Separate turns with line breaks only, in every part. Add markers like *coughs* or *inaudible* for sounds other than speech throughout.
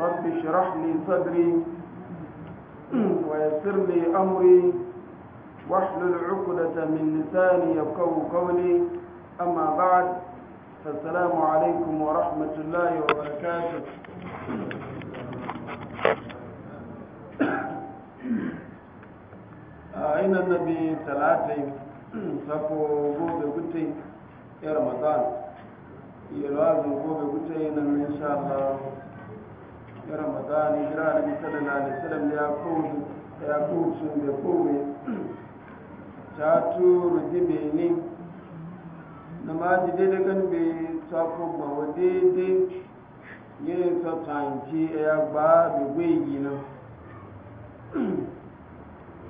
رب اشرح لي صدري ويسر لي أمري واحلل عقدة من لساني يفقه قولي أما بعد فالسلام عليكم ورحمة الله وبركاته *coughs* أين آه، النبي ثلاثة sako gobe gute ya ramadan iya lazin gobe gute na insha Allah na ramadan hijira da bi sallallahu da wasallam ya kowu ya kowu sun da kowu ta turu dibe ne na ma ji daidai gan be ta kuma wa daidai yin ta tanki ya ba bi gwayi na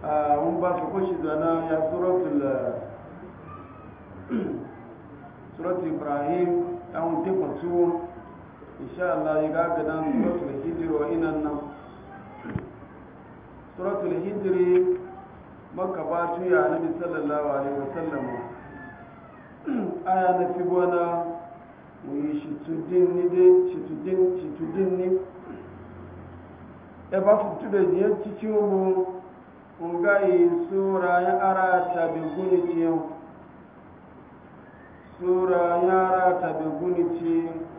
a un ba su kushi zana ya suratul suratul ibrahim an tekwatu insha Allah ya gaga dan suratul hijiri wa inan nan suratul hijiri maka ba su yi nabi sallallahu alaihi wasallam *clears throat* aya na fi gwana mu yi shitudin ni de shitudin shitudin ni ya e ba su fitu da ne cikin mu mun ga yi sura ya ara ta bi guni ciyo sura ya ara ta bi guni ciyo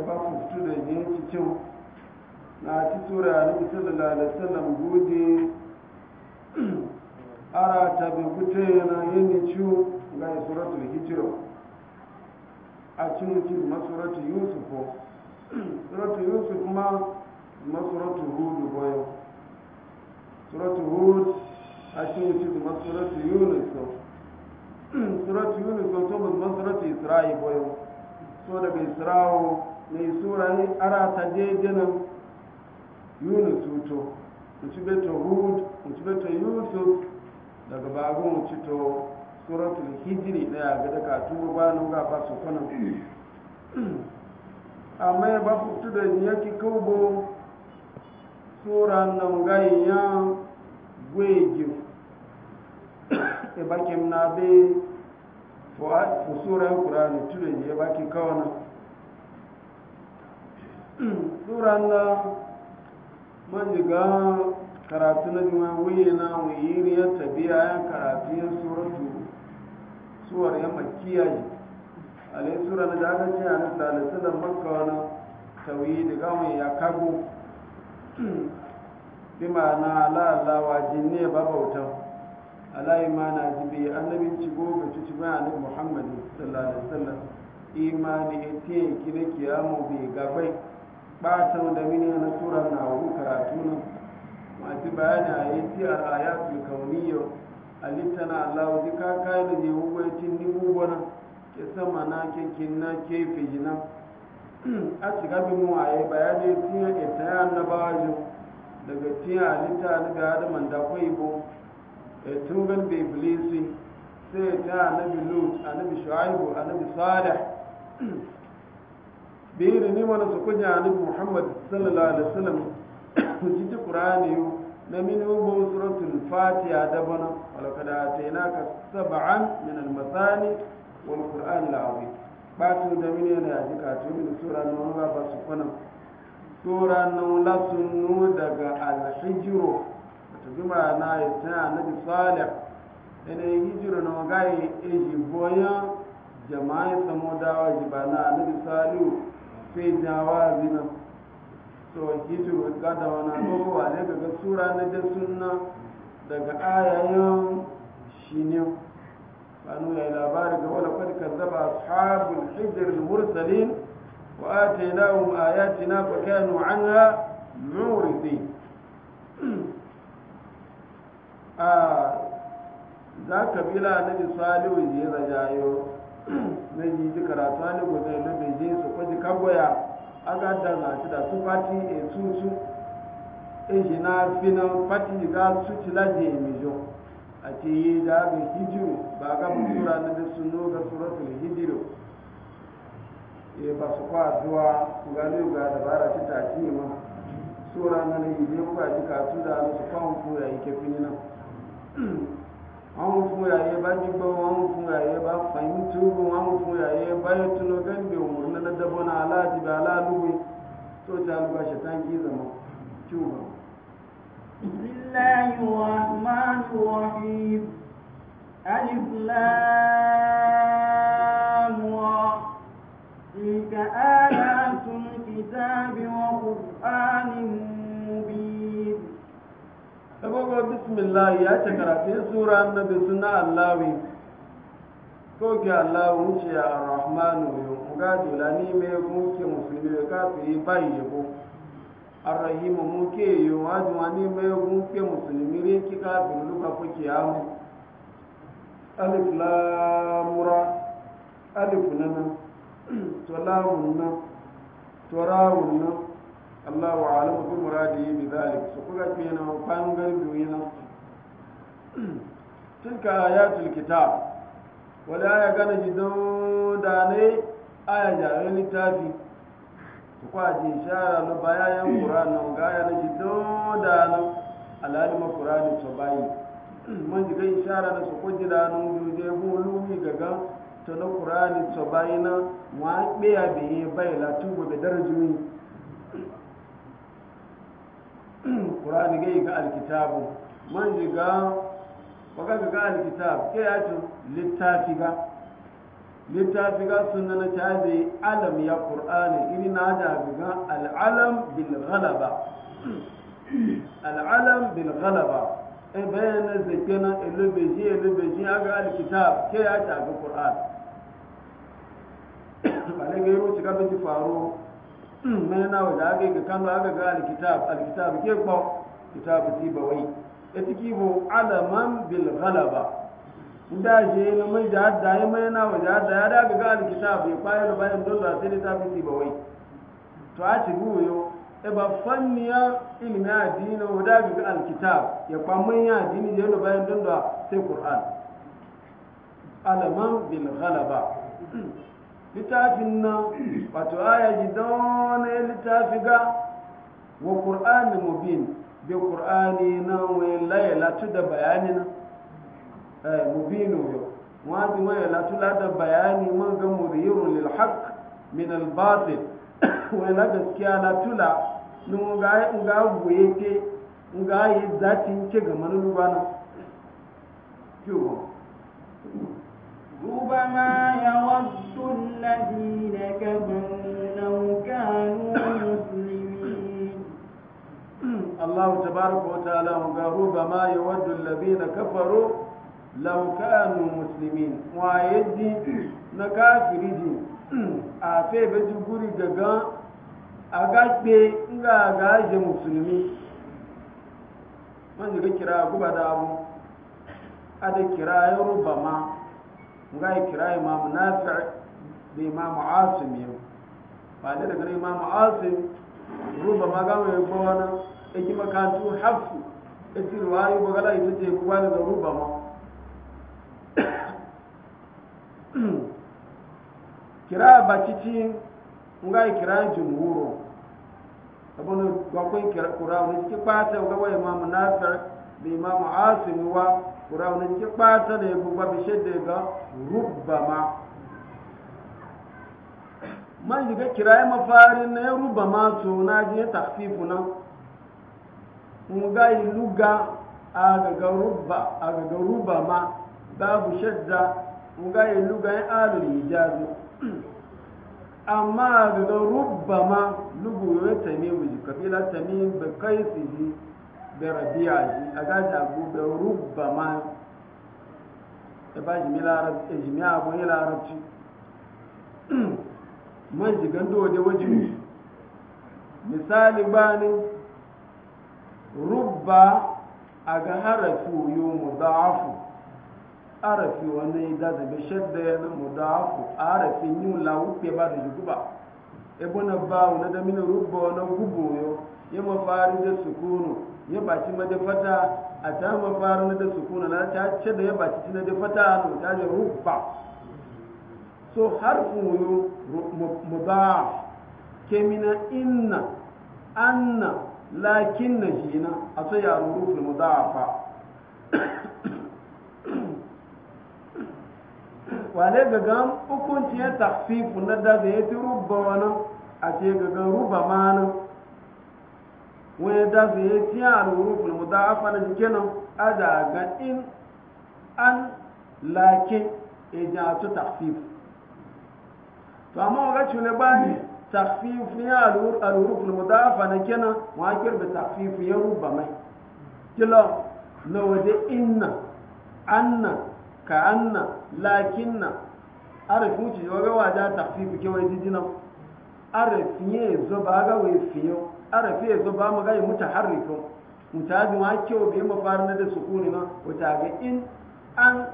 ba ku fito da je cikin na ci tura ni sallallahu alaihi wasallam gode *clears throat* ara ta bi gute yana yin ciwo ga suratul hijra a cikin ma masuratul yusuf suratul yusuf *clears throat* ma masuratul hud boyo suratul hud a cikin cikin suratu yunus suratul yunus *clears throat* to masuratul isra'i boyo so daga isra'o mai sura ne ara ta dedenan yunus wuto wuci beto hud wuci beto yusuf daga babin wuci to suratul hijiri daya ga daga tuba ba nan ga ba su kwana *clears throat* amma ya ba fito da yaki kaubo sura nan gayin ya gwegi ya bakin na bai fusuran kurani tunan ya baki kawanan suran na manjiga karatu na jima wuyi na wuyi ya tabiya ya karatu ya suratu suwar ya makiya yi alai sura na daga ce a nan da makka wani tawiyi da gawon ya kago bima na lalawa jinne ba bautan alayi ma na jibi ci cigo ga ci bayan muhammadu sallallahu alaihi wasallam imani etiyan kina kiyamu bai gabai batan da mini na tura na wuri karatu nan masu bayani a yi ti a raya su kauniyar alitta na allahu ji ka kayi da jehu gwaitin nibu gwana ke sama na ke kinna ke fijina a shiga bi mu a yi bayani tiya ita e ya annabawa ji daga tiya alitta na ga adaman da kwai bo a e tungan bai bilisi sai ta annabi lut annabi shu'aibu annabi salih biri ni mana su kunya ni muhammad sallallahu alaihi wasallam ji ji qur'ani na min ubu suratul fatiha da bana walaqad atainaka sab'an min al-masani wal qur'an al-azim ba tu da min ya ji ka tu min sura nan ba ba su kunan sura nan la sunu daga al-hijru to bi na ya ta annabi salih ene hijru nan ga yi eji boya jama'a samodawa jibana annabi salihu fe zina to shi ga da wani gogo wa ne ga sura na da sunna daga ayayen shi ne kanu ya labari ga wala kad kazzaba ashabul hijr al mursalin wa atainahum ayatina fa kanu anha murisi a za kabila na bi salihu je zajayo na ji karatu ne gudai na bai je kaboya aga da za ci da su fati e tutu e shi na fina fati ga su ci laje mi jo a ce yi da ga hijiru ba ga sura na da suno ga suratul hijiru e ba su kwa zuwa ga ne ga dabara ti ta ci ma sura na ne yi ne ku ga ji ka su da su kwan ku ya yi ke fini na. *clears throat* wọn fúnra yẹ bá dìgbọ́ wọn fúnra yẹ bá fàyín túbú wọn fúnra yẹ bá yẹ túnú gẹ́gbẹ́ òun nana dábọ́ náà aláàdìbẹ́ aláàlúwe tó ti alùpà ṣẹ̀tàn kí zama kí o bá.
bisimilayi rahmanu rahim wa wa saboda bismillah
ya ce karatun sura annabi suna allawi ko allawi wuce a rahmanu yau muga dola ni muke musulmi ya kafiri bai yabo arrahimu muke yau wajen wani mai muke musulmi ne ki luka kuke amu alif lamura alif nana to lamun nan to rawun nan Allah wa alamu bi muradi bi zalik su kuka fi na bangar biyu na tilka ayatul kitab wala aya gana gidan da ne aya jarin littafi su kwa ji shara na bayan Qur'an ga aya na gidan da ne alalima Qur'an to bayi mun ji ga shara na su ji mu lumi gaga na na bai la qur'ani gai ga alkitabu man ji ga baka ga alkitab ke ya to littafi ga littafi ga sunna na ta alam ya qur'ani ini na da ga al'alam bil ghalaba al'alam bil ghalaba e bayyana zakena elubeji elubeji aga alkitab ke ya ta ga qur'an ba ne ga yau ci ga bi faru mai hmm, na wajen aka yi ga kano aka ga alkitab alkitab ke kwa kitab ti bawai ya e ciki bo alaman bil ghalaba inda je na mai da hadda ya mai na wajen hadda ya daga ga alkitab ya kwayar da bayan dole sai da tafi ti bawai to a ci guyo e ba fanniya ilmi addini wa daga ga alkitab ya kwamman ya addini ya da bayan dole sai qur'an alaman bil ghalaba hmm. littafin nan wato aya gidan littafi ga wa ƙur'ani mubin bi ƙur'ani na wani laye latu da bayani na eh, mubinu yau wani waye latu da bayani man ga muriyarun lil haq min al batil *coughs* wani la gaskiya latu la ni nga nga goye ke ga yi zatin ke ga manubana
ربما يود الذين كفروا لو كانوا مسلمين
الله تبارك وتعالى قال ربما يود الذين كفروا لو كانوا مسلمين ويدي نكافر دي afe بجبوري guri gaga a gaɓe nga gaje musulmi man jiga أدكرا guba da nga kira imam nafi' da imam asim yau ba da daga imam asim ruba ma ga mai ko wani yake makantu hafsu yake ruwayi ba gala ita ce kuma daga ruba ma kira ba cici nga kira jumhuru abun gwakwai kira kura wani cikin bata ga wa imam nafi' da imam asim wa firauni ki ɓata ne ya gugba bishe da ga rubama man yi ga kiraye mafarin na ya rubama to na ji ya tafifu nan ga yi luga a gaga rubba a gaga rubama babu shadda ga yi luga ya alul hijabi amma gaga rubama lugu ya tamim kabila tamim ba kai su da bí a gaja bu da rubba ma da ba jimi larabci jimi abu ya larabci man jigan dole wajen misali bani rubba a ga harafi yiwu afu. harafi wani da zabe shadda harafi muda'afu harafin la lawuke ba da jiguba ebe na ba wani da mini rubba wani gubo yau yi mafari da sukunu ya baci madafata a ta mafara na da sukuna na ta ce da ya baci na dafata na ta ne rufa so har kuyo mudaf kemina inna anna lakin na shi na a so ya rufin fa wale gagan hukunci ya tafi na da zai fi rubba wani a ce gagan ruba ma na. wani da su yi tiya a rurukul mu da afa kenan a da in an lakin ejatu takfif to amma wa ga cule ba ne takfif ya a rurukul mu da afa na kenan wa kirbe takfif ya ruba mai kila na waje inna anna ka anna lakinna arifin ci wa ga wajen takfif kewa jijina arafiye zo ba ga wai fiyo arafiye zo ba mu ga yi mutaharrifo mutaji wa kyau bai mafarin da sukuni ma wata ga in an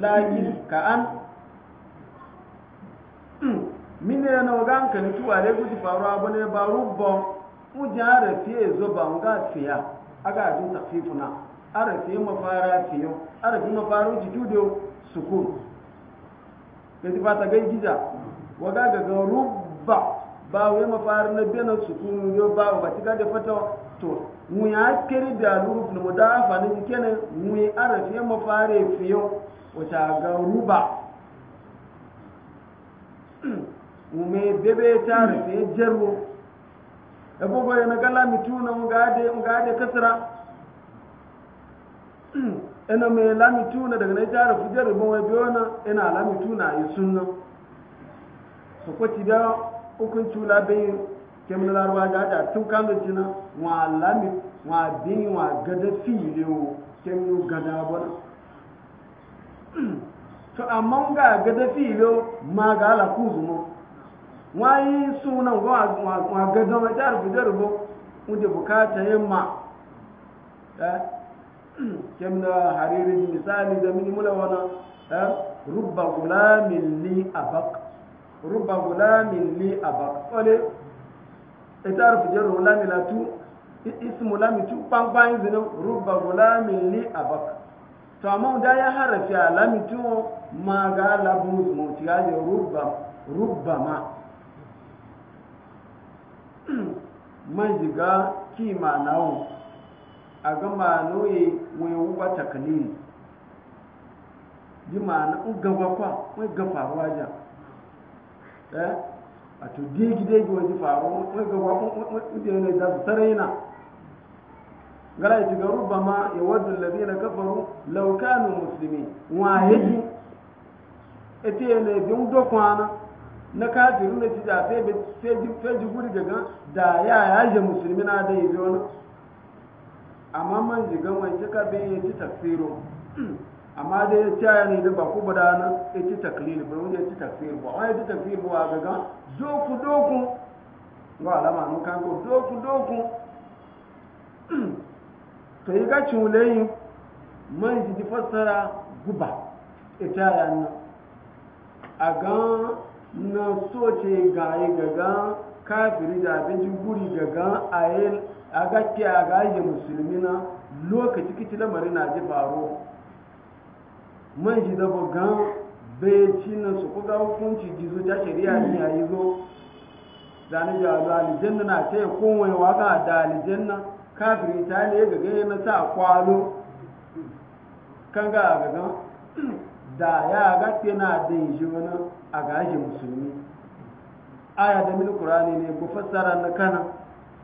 layi ka an mine na waga an kan tuwa da guji faru abu ne ba rubbo mu ji arafiye zo ba mu ga fiya ga jin tafifuna arafiye mafara fiyo arafiye mafarin jitudo sukun da ta ga giza waga ga rubbo ba ba wai na bena su kun yau ba ba ti gada fata to mu ya kiri da ruf na mudafa na jike ne mu ya arafi yamma fare fiye wata ga ruba *clears throat* mu mai bebe ta rufe jarwo da gogo ya nagala mitu na mu gade mu gade kasra ina *clears throat* mai lamitu na daga na ta rufe jarro ba wai na ina lamitu na yi sunna su kwaci da hukunci labin kemin larwa da da tun da jina wa lami wa bin wa gada fili wo kemin gada bona *clears throat* to amma ga gada fili ma ga ala kuzumo wayi sunan ga wa gada ma jar bujar bo unde bukata yamma eh *clears throat* kemin hariri misali da mini mula wana eh rubba gulamin li abaq ruba gulamin li a baksole ita rufu jar gulami latu ismu lami tu pampan zini ruba gulamin li a bak to amma da ya harafi a lami tu ma ga labu zumu ci gaje ruba ruba ma *clears throat* man ki ma nawo a ga ma noye ma na ugaba kwa gafa wajen Eh, a to digi digi wani faru wani gaba wani ne da su tare yana gara ya tiga rubba ma ya wadda labi na kafaru laukanu musulmi waye yi ita yi ne bin dokwana na kafiru na cija feji guri gaga da ya yaje musulmi na da ya zo amma man jigan wani cika bin ya ci tafsirin *clears throat* amma dai ya ta yana da ba ku ba da nan ya ci taklil ba wanda ya ci takfir ba wani ya ci takfir ba ga ga doku doku ga alama nun kan ko doku doku to yi ga culayi man ji ji fassara guba ita yana a ga na so ce ga yi gaga kafiri da abinci guri gaga a yi a ga ke a ga yi musulmi na lokaci kici lamari na ji faro man shi bugan gan bayanci nan su kuka hukunci gizo ta shari'a ne a yi zo zane da zuwa aljanna na ta yi kowai waka da na kafin ta ne ga gaga na sa kwalo kan ga a gagan *clears throat* da ya gaske na da yi shi wani a gashi musulmi aya da mil kurani ne ku fassara *clears throat* na kana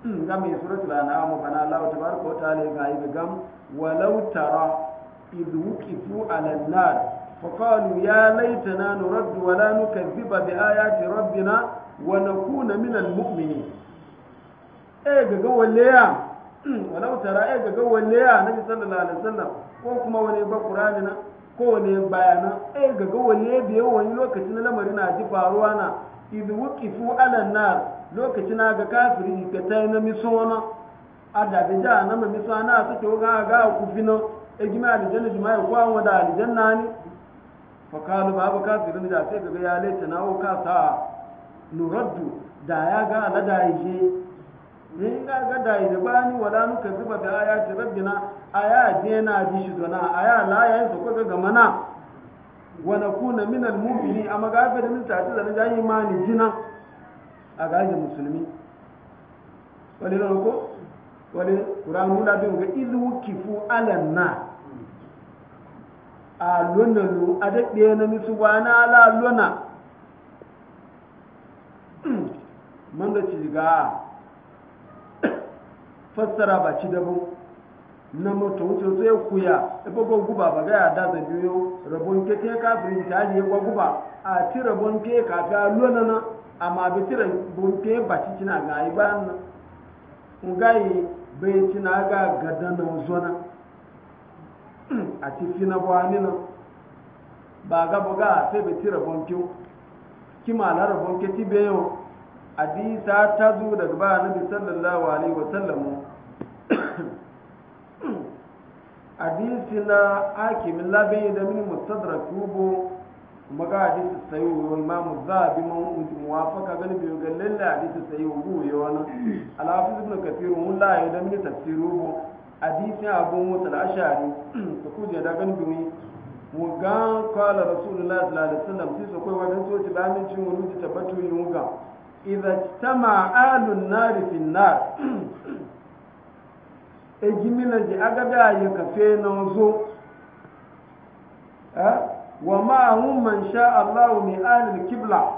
ga mai suratul an'am kana Allah tabaraka wa ta'ala ga yi gagan walau tara إذ وقفوا على النار فقالوا يا ليتنا نرد ولا نكذب بآيات ربنا ونكون من المؤمنين إيه قوة ليا *clears throat* ولو ترى إيه قوة ليا النبي صلى الله عليه وسلم كوكما ونبا قراننا kowane bayana eh ga ga ne biya wani lokaci na lamari na ji faruwa na idu wukifu alan na lokaci na ga kafiri ka tai na miso na a dabi da bi da na misona suke ga ga ku na e ejima alijanna jima ya kwa wada alijanna ne fa kalu ba ba kafirin da sai kaga ya laita na o ka sa nuraddu da ya ga alada yake eh, ne ga ga da yi ba ni wala nu ka zuba da ayati rabbina aya je na ji shi dona aya la ya su ko ga mana wa nakuna min al mu'mini amma ga ga da mun ta da yi imani jina a ga musulmi wani ko wani ƙuranu labin ga ilu kifu alanna a lona lo a daɗe na misu ba na ala lona *clears throat* man da ci ga *clears throat* fassara ba ci dabo na mota wuce ya kuya ibo e go guba ba ga ya da da biyo rabon ke ke kafirin ta je ya guba a ti rabon ke gaa a lona na amma bai ti rabon ke ba ci cina ga ai ba nan ngai bai cina ga gadana zona a ci na buwani ba ga buga a sai bai ci rabon kyau kima na rabonke kyau ti bayan hadisa ta zo daga ba na bi sallallahu alaihi wa sallam *coughs* hadisi na min labin da mini mustadrak kubo maga hadisi sayo imamu zabi man muwafaka gani biyo ga lalle hadisi sayo goyo wani alhafiz ibn kathir mun la ya da mini tafsiru hadisin abu musa al-ashari ta kuje da gan dumi mu ga qala rasulullahi sallallahu alaihi wasallam sai so kai wajen so ti cin wani ti tabbatu yin ga idza tama alun nar fi nar e gimina ji aga da ya kafe na zo wa ma hum man sha Allah min alil kibla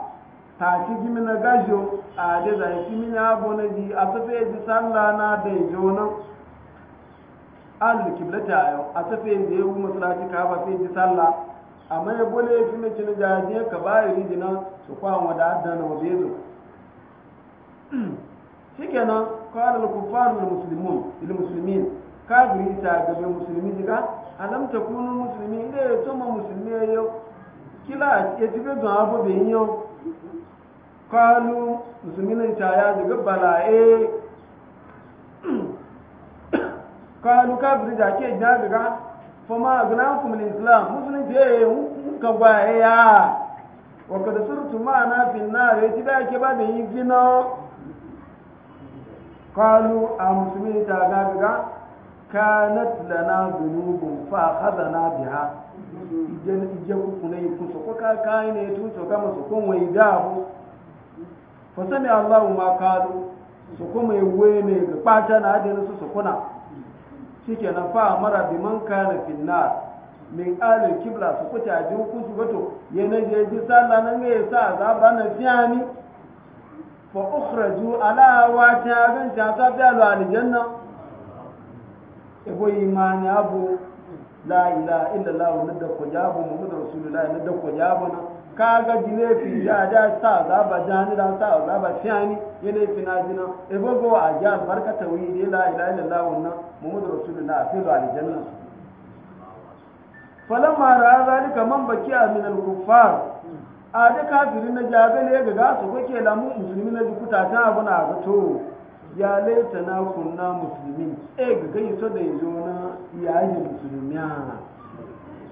ta ci gimina gajo a da zai kimina bona ji a tafe ji sallah na da jona alu kiblata ayo a tafe da ya gumi ka ba fi salla sallah amma ya bole ya fi na cinu jaje ka ba yi dina su kwan wada adda na waje zo *clears throat* shi kenan muslimun kufarun muslimin ka kafiri ta gabe musulmi diga alam ta kunu musulmi inda ya tuma musulmi yo kila ya ci ga zuwa abu bai yin yo musulmi muslimin ta ya daga bala'e kalu kafiri da ke ina gaga fama agnan kuma islam musulunci e ya e yi hunka gwaye ya wakar da surtu ma'ana finna da ya ci da ake ba da yi gina kalu a musulmi ta gaga kanat lana zunubun fa hadana biha ijen ije kuku ne ku so ko ka ne tun so kama so kon wai da bu fa sami allah ma kalu so ko mai wene ga pata na adin su so kuna suke na fa mara bi man kana finnar min alil kibla su kuta ji su wato ya na je ji sallah nan ya sa azaba na fiyani fa ukhraju ala wa ta gan ta ta bi aljanna ebo imani abu la illa Allah wa nadda ko jabu muhammadu rasulullah nadda ko jabu na kaga jine fi ja ja sa za ba jani da sa za ba fiani yana fi na jina e go a ja barka tawhidi la illa Allah wa na muhammadu rasulullah fi zuwa aljanna falamma ra'a zalika man bakiya min al-kuffar a da kafirin na jabe ne ga gasu kake lamu musulmi na dukuta ta abuna ga to ya laita na kunna musulmi e ga gani so da yanzu na yayi musulmi ana ah.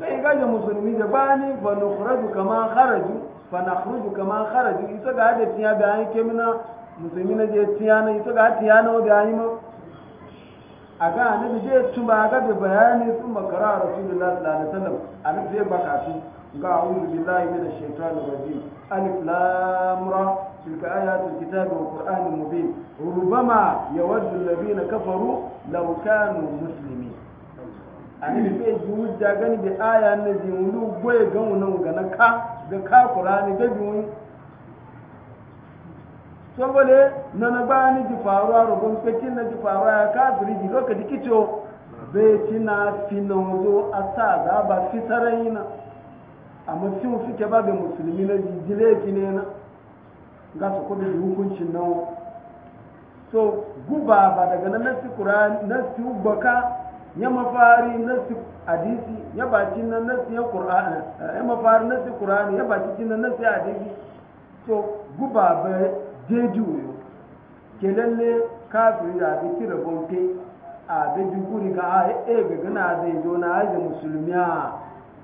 sai ga ga musulmi da bani fa nukhraju kama kharaju fa nakhruju kama kharaju ita ga da tiya da an kemina musulmi na je tiya na ita ga tiya na da an ma a ga annabi je tuba ga da bayani sun makara rasulullahi sallallahu alaihi wasallam annabi je bakatu ga a'udhu billahi minash shaitanir rajim alif lam ra تلك آيات الكتاب والقرآن المبين ربما يود الذين كفروا لو كانوا مسلمين ani be juja gani be aya na jinlu boye gawo nan ga na ka ga ka qur'ani ga biwin sobole na na bani ji faruwa rubun pekin na ji faruwa ya kafiri ji lokaci kicho be tina finan zo asa ga ba fitarayina amma sun fike ba be musulmi na jile kinena ga su kudu da hukuncin nan so guba ba daga nan nasi qur'ani nasi ubaka ya mafari nasi hadisi ya baci nan nasi ya qur'ani ya mafari nasi qur'ani ya baci nan nasi hadisi so guba ba jeju ne ke lalle kafiri da bi tira gonke a bejin guri ga e ga gana zai zo na aji musulmiya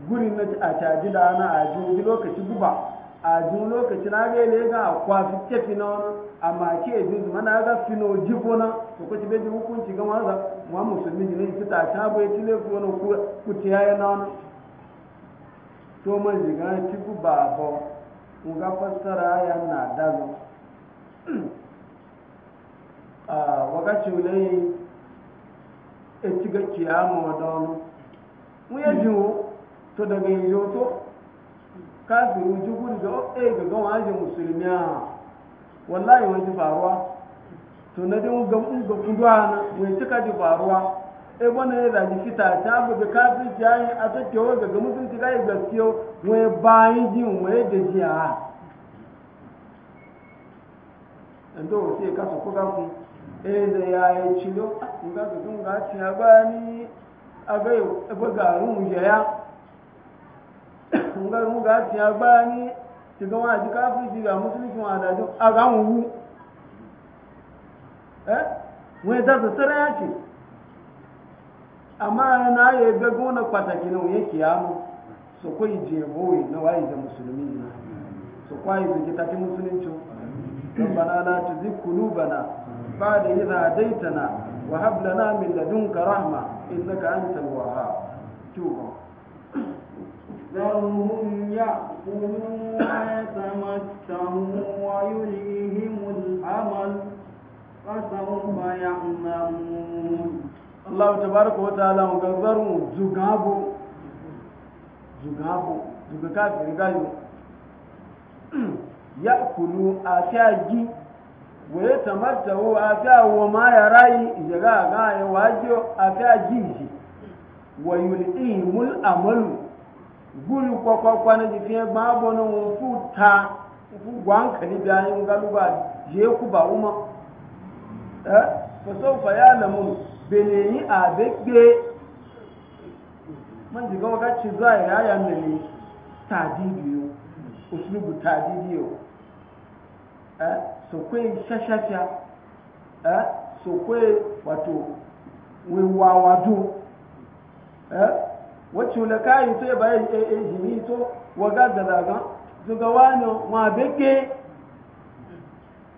guri na a caji da na aji lokaci guba a jin lokaci na ga ile ga kwa fitte fina wani amma ke juzu mana ga fino jiko na to ko tibe hukunci ga wanda mu musulmi ne su ta ta bai tile ko na ku tiyaye na wani to man jiga ti ku ba bo mu ga fassara ya na dazo *clears throat* a wakati ulai e tiga kiyama wadon mu ya jiwo to daga yoto kafiri juguri ga e ga ga wani musulmi a wallahi wani faruwa to ga ga kudwana wai ji faruwa e bana ya zaji fita ta da ga kafiri jayi a ta kewa e, ga ga ga gaskiyo wai bayi ji wai da jiya ndo ku e da cilo ga ga ci ha a ga ga ya ya nga mu ga ti agbani ti ga wa kafiri ti ga musulmi wa da jo aga wu eh wai da su sara ya amma na ya ga gona kwataki na wuye kiyamu su kwai jebowe na wayi da musulmi na su kwayi su kitaki musulunci ربنا لا تزغ قلوبنا بعد إذ هديتنا وهب لنا من لدنك رحمة إنك أنت الوهاب توبوا
ذرهم يأكلوا ويتمتعوا ويلههم الأمل فسوف يعلمون الله تبارك وتعالى وغذروا زغابو
زغابو زغكافر قالوا يأكلوا أشاجي ويتمتعوا أشاجي وما يراي إذا قال واجه أشاجي ويلئهم الأمل guri kwakwakwa na jifiye babu na wufu ta wufu gwankali bayan galuba je ku ba uma eh fa sawfa ya lamun yi a begbe man jiga waka ci za ya ya nani tadidiyo uslubu tadidiyo eh so kwe shashasha eh so kwe wato wewawadu eh wacce la kayi to ya bayan ee jimi to waga da daga zuga wani wa beke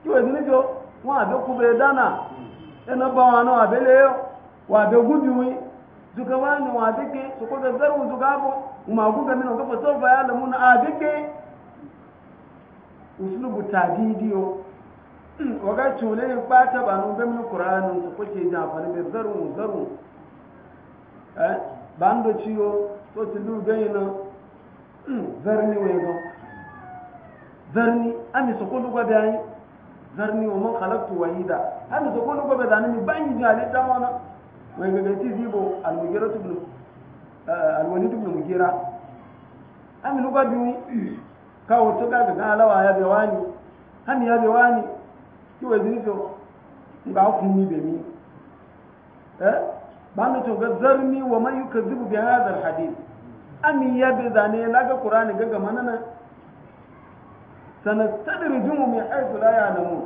kiwa zini jo wa be kube dana ina ba wani wa be leyo wa be gubiwi zuga wani wa beke su ko da zaru zuga bo ma guga min ga faso ba ya lamu na abeke uslubu tadidiyo waga cule ne ba ta ba nun ga min qur'anin su kuke da fa ne zaru zaru eh bando ciwo to ti lu gani na zarni wego zarni ami sokolu gwa bayi zarni wa man khalaqtu wahida ami sokolu gwa bayi mi bangi jale ta wana ga ti zibo al-mugira ibn eh, al-walid ibn mugira ami lu gwa ka wato ka ga alawa ya bewani ami ya bewani ki wai dinso ga ni be mi eh bani to ga zarni wa man yukazzibu bi hadha alhadith ami ya bi zane na ga qur'ani ga ga manana sanastadrijuhum min haythu la ya'lamun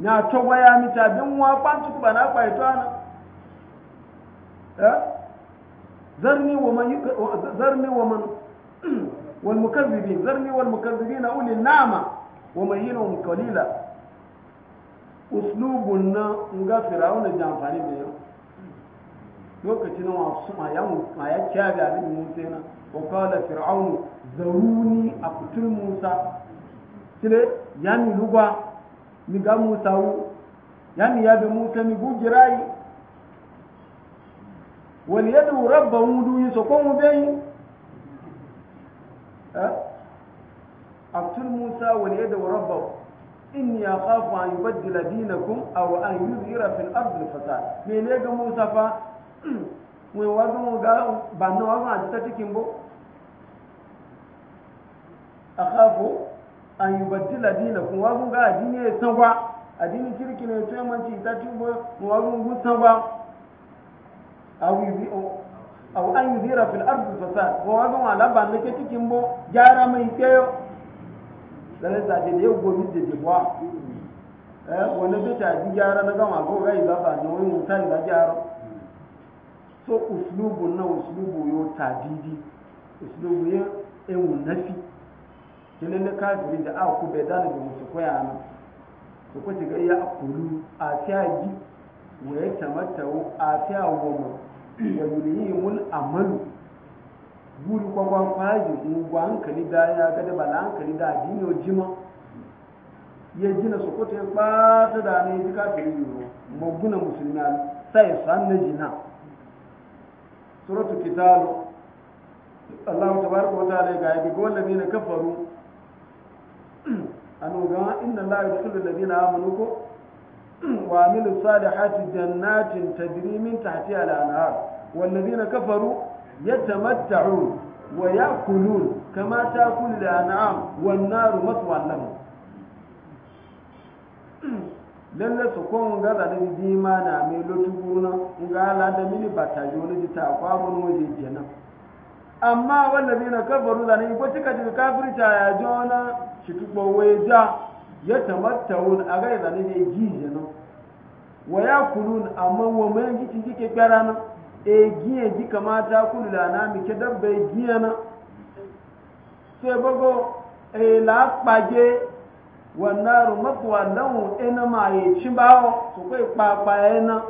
na to waya mi ta bin wa kwantu ba na kwai to ana eh zarni wa man zarmi wa man *clears throat* wal mukazzibin zarmi wal mukazzibin uli nama wa mayyinhum qalila uslubun na nga fir'auna jamfani da yau lokacin nan wasu mayamu ma ya kyaga abin musa yana wa kala fir'aun zaruni a kutul musa sile ya mi lugwa mi ga musa wu ya mi yabe musa mi guji rai wani yadda wu rabba wu yi so kon wu yi? Eh, a abtul musa wani yadda wu rabba wu inni ya khafu an yubaddila dinakum aw an yuzhira fil ardi fasad me ne ga musa fa wọn wá bí wọn ga bàánú wọn kàn àti tẹ́tí kí n bọ́ àkàfọ́ àyùbàdìlà dìlà kún wọn kún ga àdínní ẹ̀sán wa àdínní kirki na ẹ̀tọ́ ẹ̀mọ́ ti ìta tí wọn wọn kún gún sán wa àwọn àyùbìrà fìlà àrùbù fàṣà wọn wá bí wọn alábàá ní tẹ́tí kí n bọ́ jára mọ́ so uslubu na uslubu yo tadidi uslubu ya ewu nafi kenan na kafiri da aka ku bai dana da musu koya na su kwace ga iya akulu a fiya gi wa ya tamattawo a fiya goma wa yuriyi mun amalu guri kwakwan kwaji gwa hankali da ya ga da bala hankali da addini o jima ya gina su kwace ya ɓata da ne ya ji kafiri yiwu maguna musulmi sai san na jina suratu kitalu Allah tabaraka wa ta'ala ga yake ga wallahi na kafaru *clears throat* anu ga inna la yudkhilul ladina amanu ko *clears throat* wa amilu salihati jannatin tajri min tahtiha al-anhar wal ladina kafaru yatamatta'un wa ya'kulun kama ta'kulu al-an'am wan naru matwan lahum *clears throat* lalle su kun ga da ma na me lotu guna ga ala da mini bata yo ni ta kwa mun waje kenan amma wallabi na kafaru da ne ko tika ji kafirta ya jona shi we ja, ya tamattau a ga da ne ji kenan wa kulun amma wa mai gici jike garana e e ji kamata kullu na mi ke dabbe giyana sai bago e la paje wannan makuwa lahun ina ma yi ci bawo su kai kpakpa yana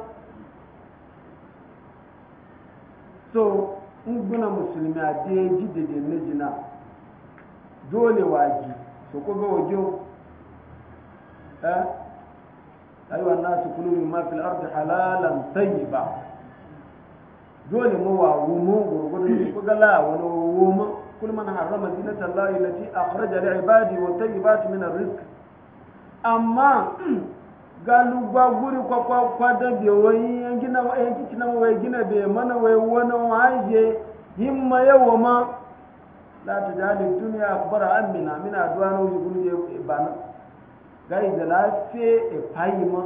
so in guna musulmi a da ji da na jina dole waji su kuga wajo eh wannan su kulu min mafi al'ardi halalan tayyiba dole mu wa wumu gurgudu su kuga la wani wumu kul man harrama zinata allahi lati akhraja li ibadi wa tayyibati min ar-rizq amma hmm, galuba guri kwakwa kwada be wani yan gina wa yan kici gina be mana wai wani waje himma yawa ma la ta jali duniya mina duwa na guri ba na gai da lafiya e fayi ma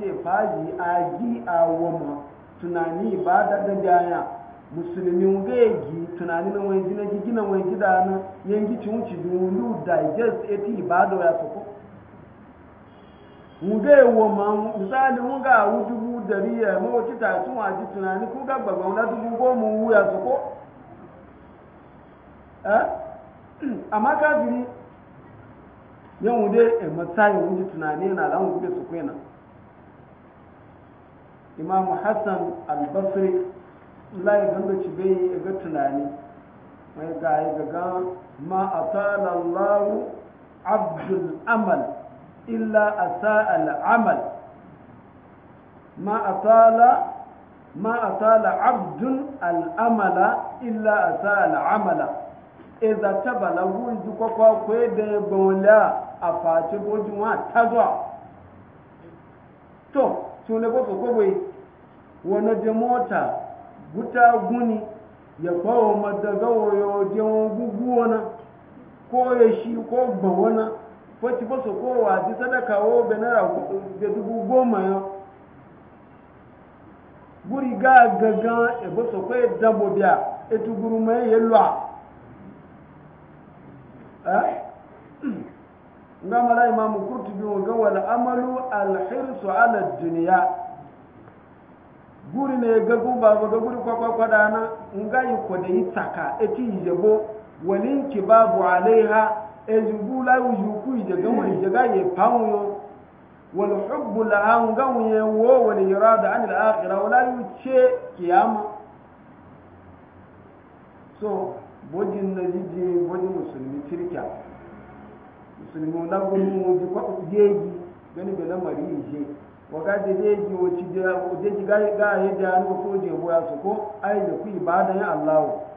ce faji a gi a woma tunani ba da musulmi nga ewo ma misali nga awu dubu dari ya ma wace ta tun a ji tunani ga gbagba wula ya su Amaka eh *clears throat* amma ka biri yan wude e eh, matsayi wu ji tunani na lan wude su na. imam hassan al-basri lai ganda ci bai ga tunani mai ga ga ma atala allah abdul amal illa asa al'amal ma atala ma atala abdun al'amala illa asa al'amala idza tabala wunji kwakwa kwe da ya gbola a face gojin ta zuwa to sun le kwakwa kwakwai wani da mota guta guni ya kwawo madagawa ya wajen guguwa na, ko ya shi ko na? fati ba su kowa ji sadaka wo ga nara ga dubu goma ya buri ga gaga e ba su kwaye dabo biya e tu guru mai yalwa e eh *clears throat* nga mala imamu kurtubi wa ga wal amalu al hirsu ala dunya guri ne ga guba ba ga guri kwakwa kwadana nga yi yi tsaka e ti yabo walinki babu alaiha ezubu la yuku ijaga wa hmm. ijaga ye pawo wal hubbu wo wal a an al akhirah wala che kiyama so bodin na ji bodin musulmi tirka musulmi na mụ ji ko gani be na ije. je eji ga da an ko je boya su ya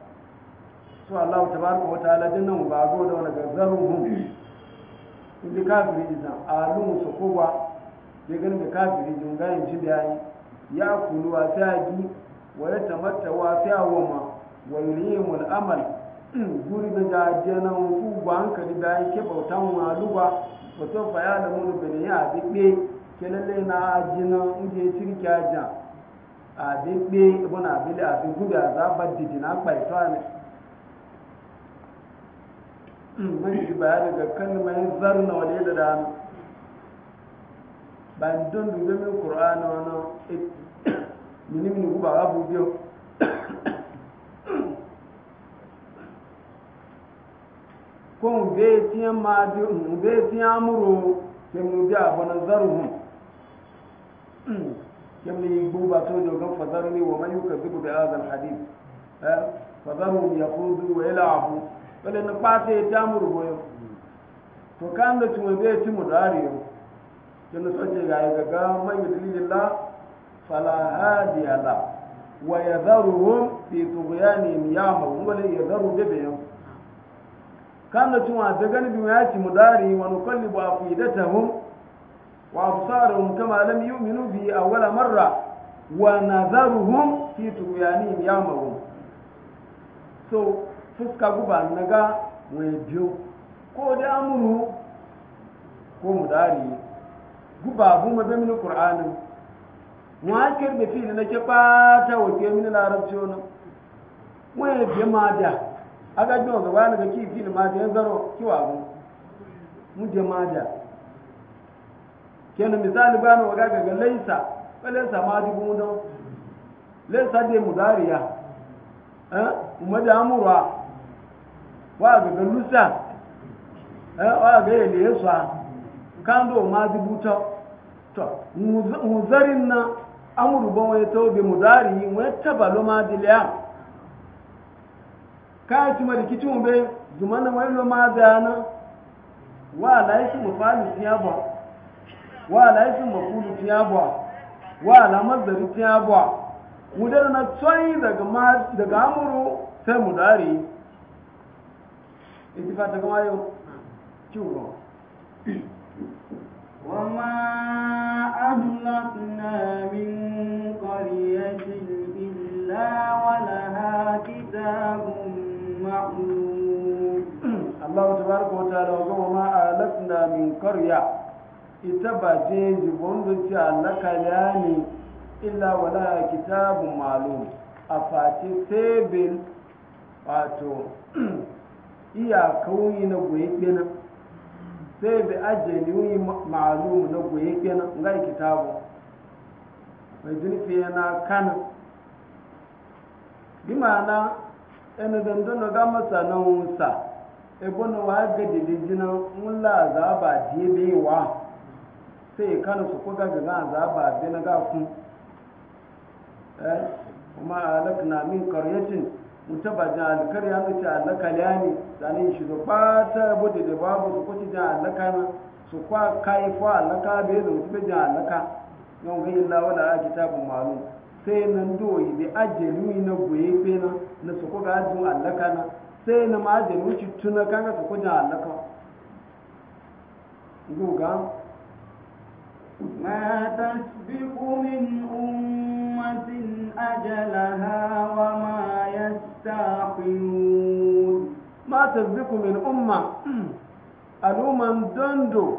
su Allah ta baraka wata aladin nan ba go da wani gazarun hun inda kafiri izan alun su kowa ya gani da kafiri jin gayin ji da yayi ya kulu wa gi wa ya tamatta wa fiyawama wa yulhimu amal guri da jajjana su ba hankali da yi ke bautan wato fa ya da mun ya na ndị inda cirki ajan a dikbe ibn abili abin gudu ne zai shi bayani ga mai zarna wale da ba ban don dube min ƙura'ani wani eh, mini mini guba abu biyu ko mu bai tiyan ma bi mu bai tiyan amuru ke mu bi zaru hun ke mu yi guba to da gan fazarni wa man zubu da hadha al hadith eh, ya kudu wa abu. wale na fata ya tamur goyo to kan da tuma bai ci mu dare yau dan na soje ga ya ga mai yudlilillah fala hadi ala wa yadharuhum fi tughyani tughyanihim wa la yadharu bibayhum kan da tuma da gani bi ya ci mu dare wa nuqallibu afidatahum wa absarahum kama lam yu'minu bi awwala marra wa nadharuhum fi tughyani yahmun so fuska guba na ga mai biyu ko da amuru ko mudari guba abu ma mini qur'ani muakir da fi na ke fata wake mini min larabci wani mai biyu ma da aga jiwa gaba na ga ki fi ma da zaro kiwa bu mu je ma da kenan misali bana waga ga laisa laisa ma dubu don laisa de mudariya eh umma da amura wa ga galusa wa ga yele yasa kando ma dubuta to muzarin na amuru ban wai to bi mudari wai tabalo ma diliya kai ti mari kitun be zumana wai lo ma dana wa laisu mufali tiyaba wa laisu mafulu tiyaba wa la mazdari tiyaba mudana na tsoyi daga daga
amuru sai mudari ibi ka ta kuma yau ciwo وما أهلكنا من قرية إلا ولها كتاب معلوم الله تبارك وتعالى
وما أهلكنا من قرية ita ba ce jibon da ce allaka ya ne wala kitabun malum a face wato iya kawuyi na goye kena sai bi ajali yi ma'alumu na goye kena ga kitabu mai dunfi yana kana bi ma'ana ɗan dandono ga masa na wusa ebo na wa ga didijina mula zaba dibewa sai kana su kuka ga ga zaba bi na ga kun eh, kuma alakna min qaryatin wuta ba jan alkar ya mace allaka ya ne zane shi da fata bude da babu su kwaci jan allaka na su kwa kai fa allaka bai da wuta bai jan allaka don ga lawala wala a kitabun malu sai nan doyi da ajiyar na goye fena na su kwa gajin allaka na sai na ma ajiyar wuce tuna kaga su kwa jan allaka goga
ما تسبق من أمة ساحرون ما تسبق من أمة
ألوما dondo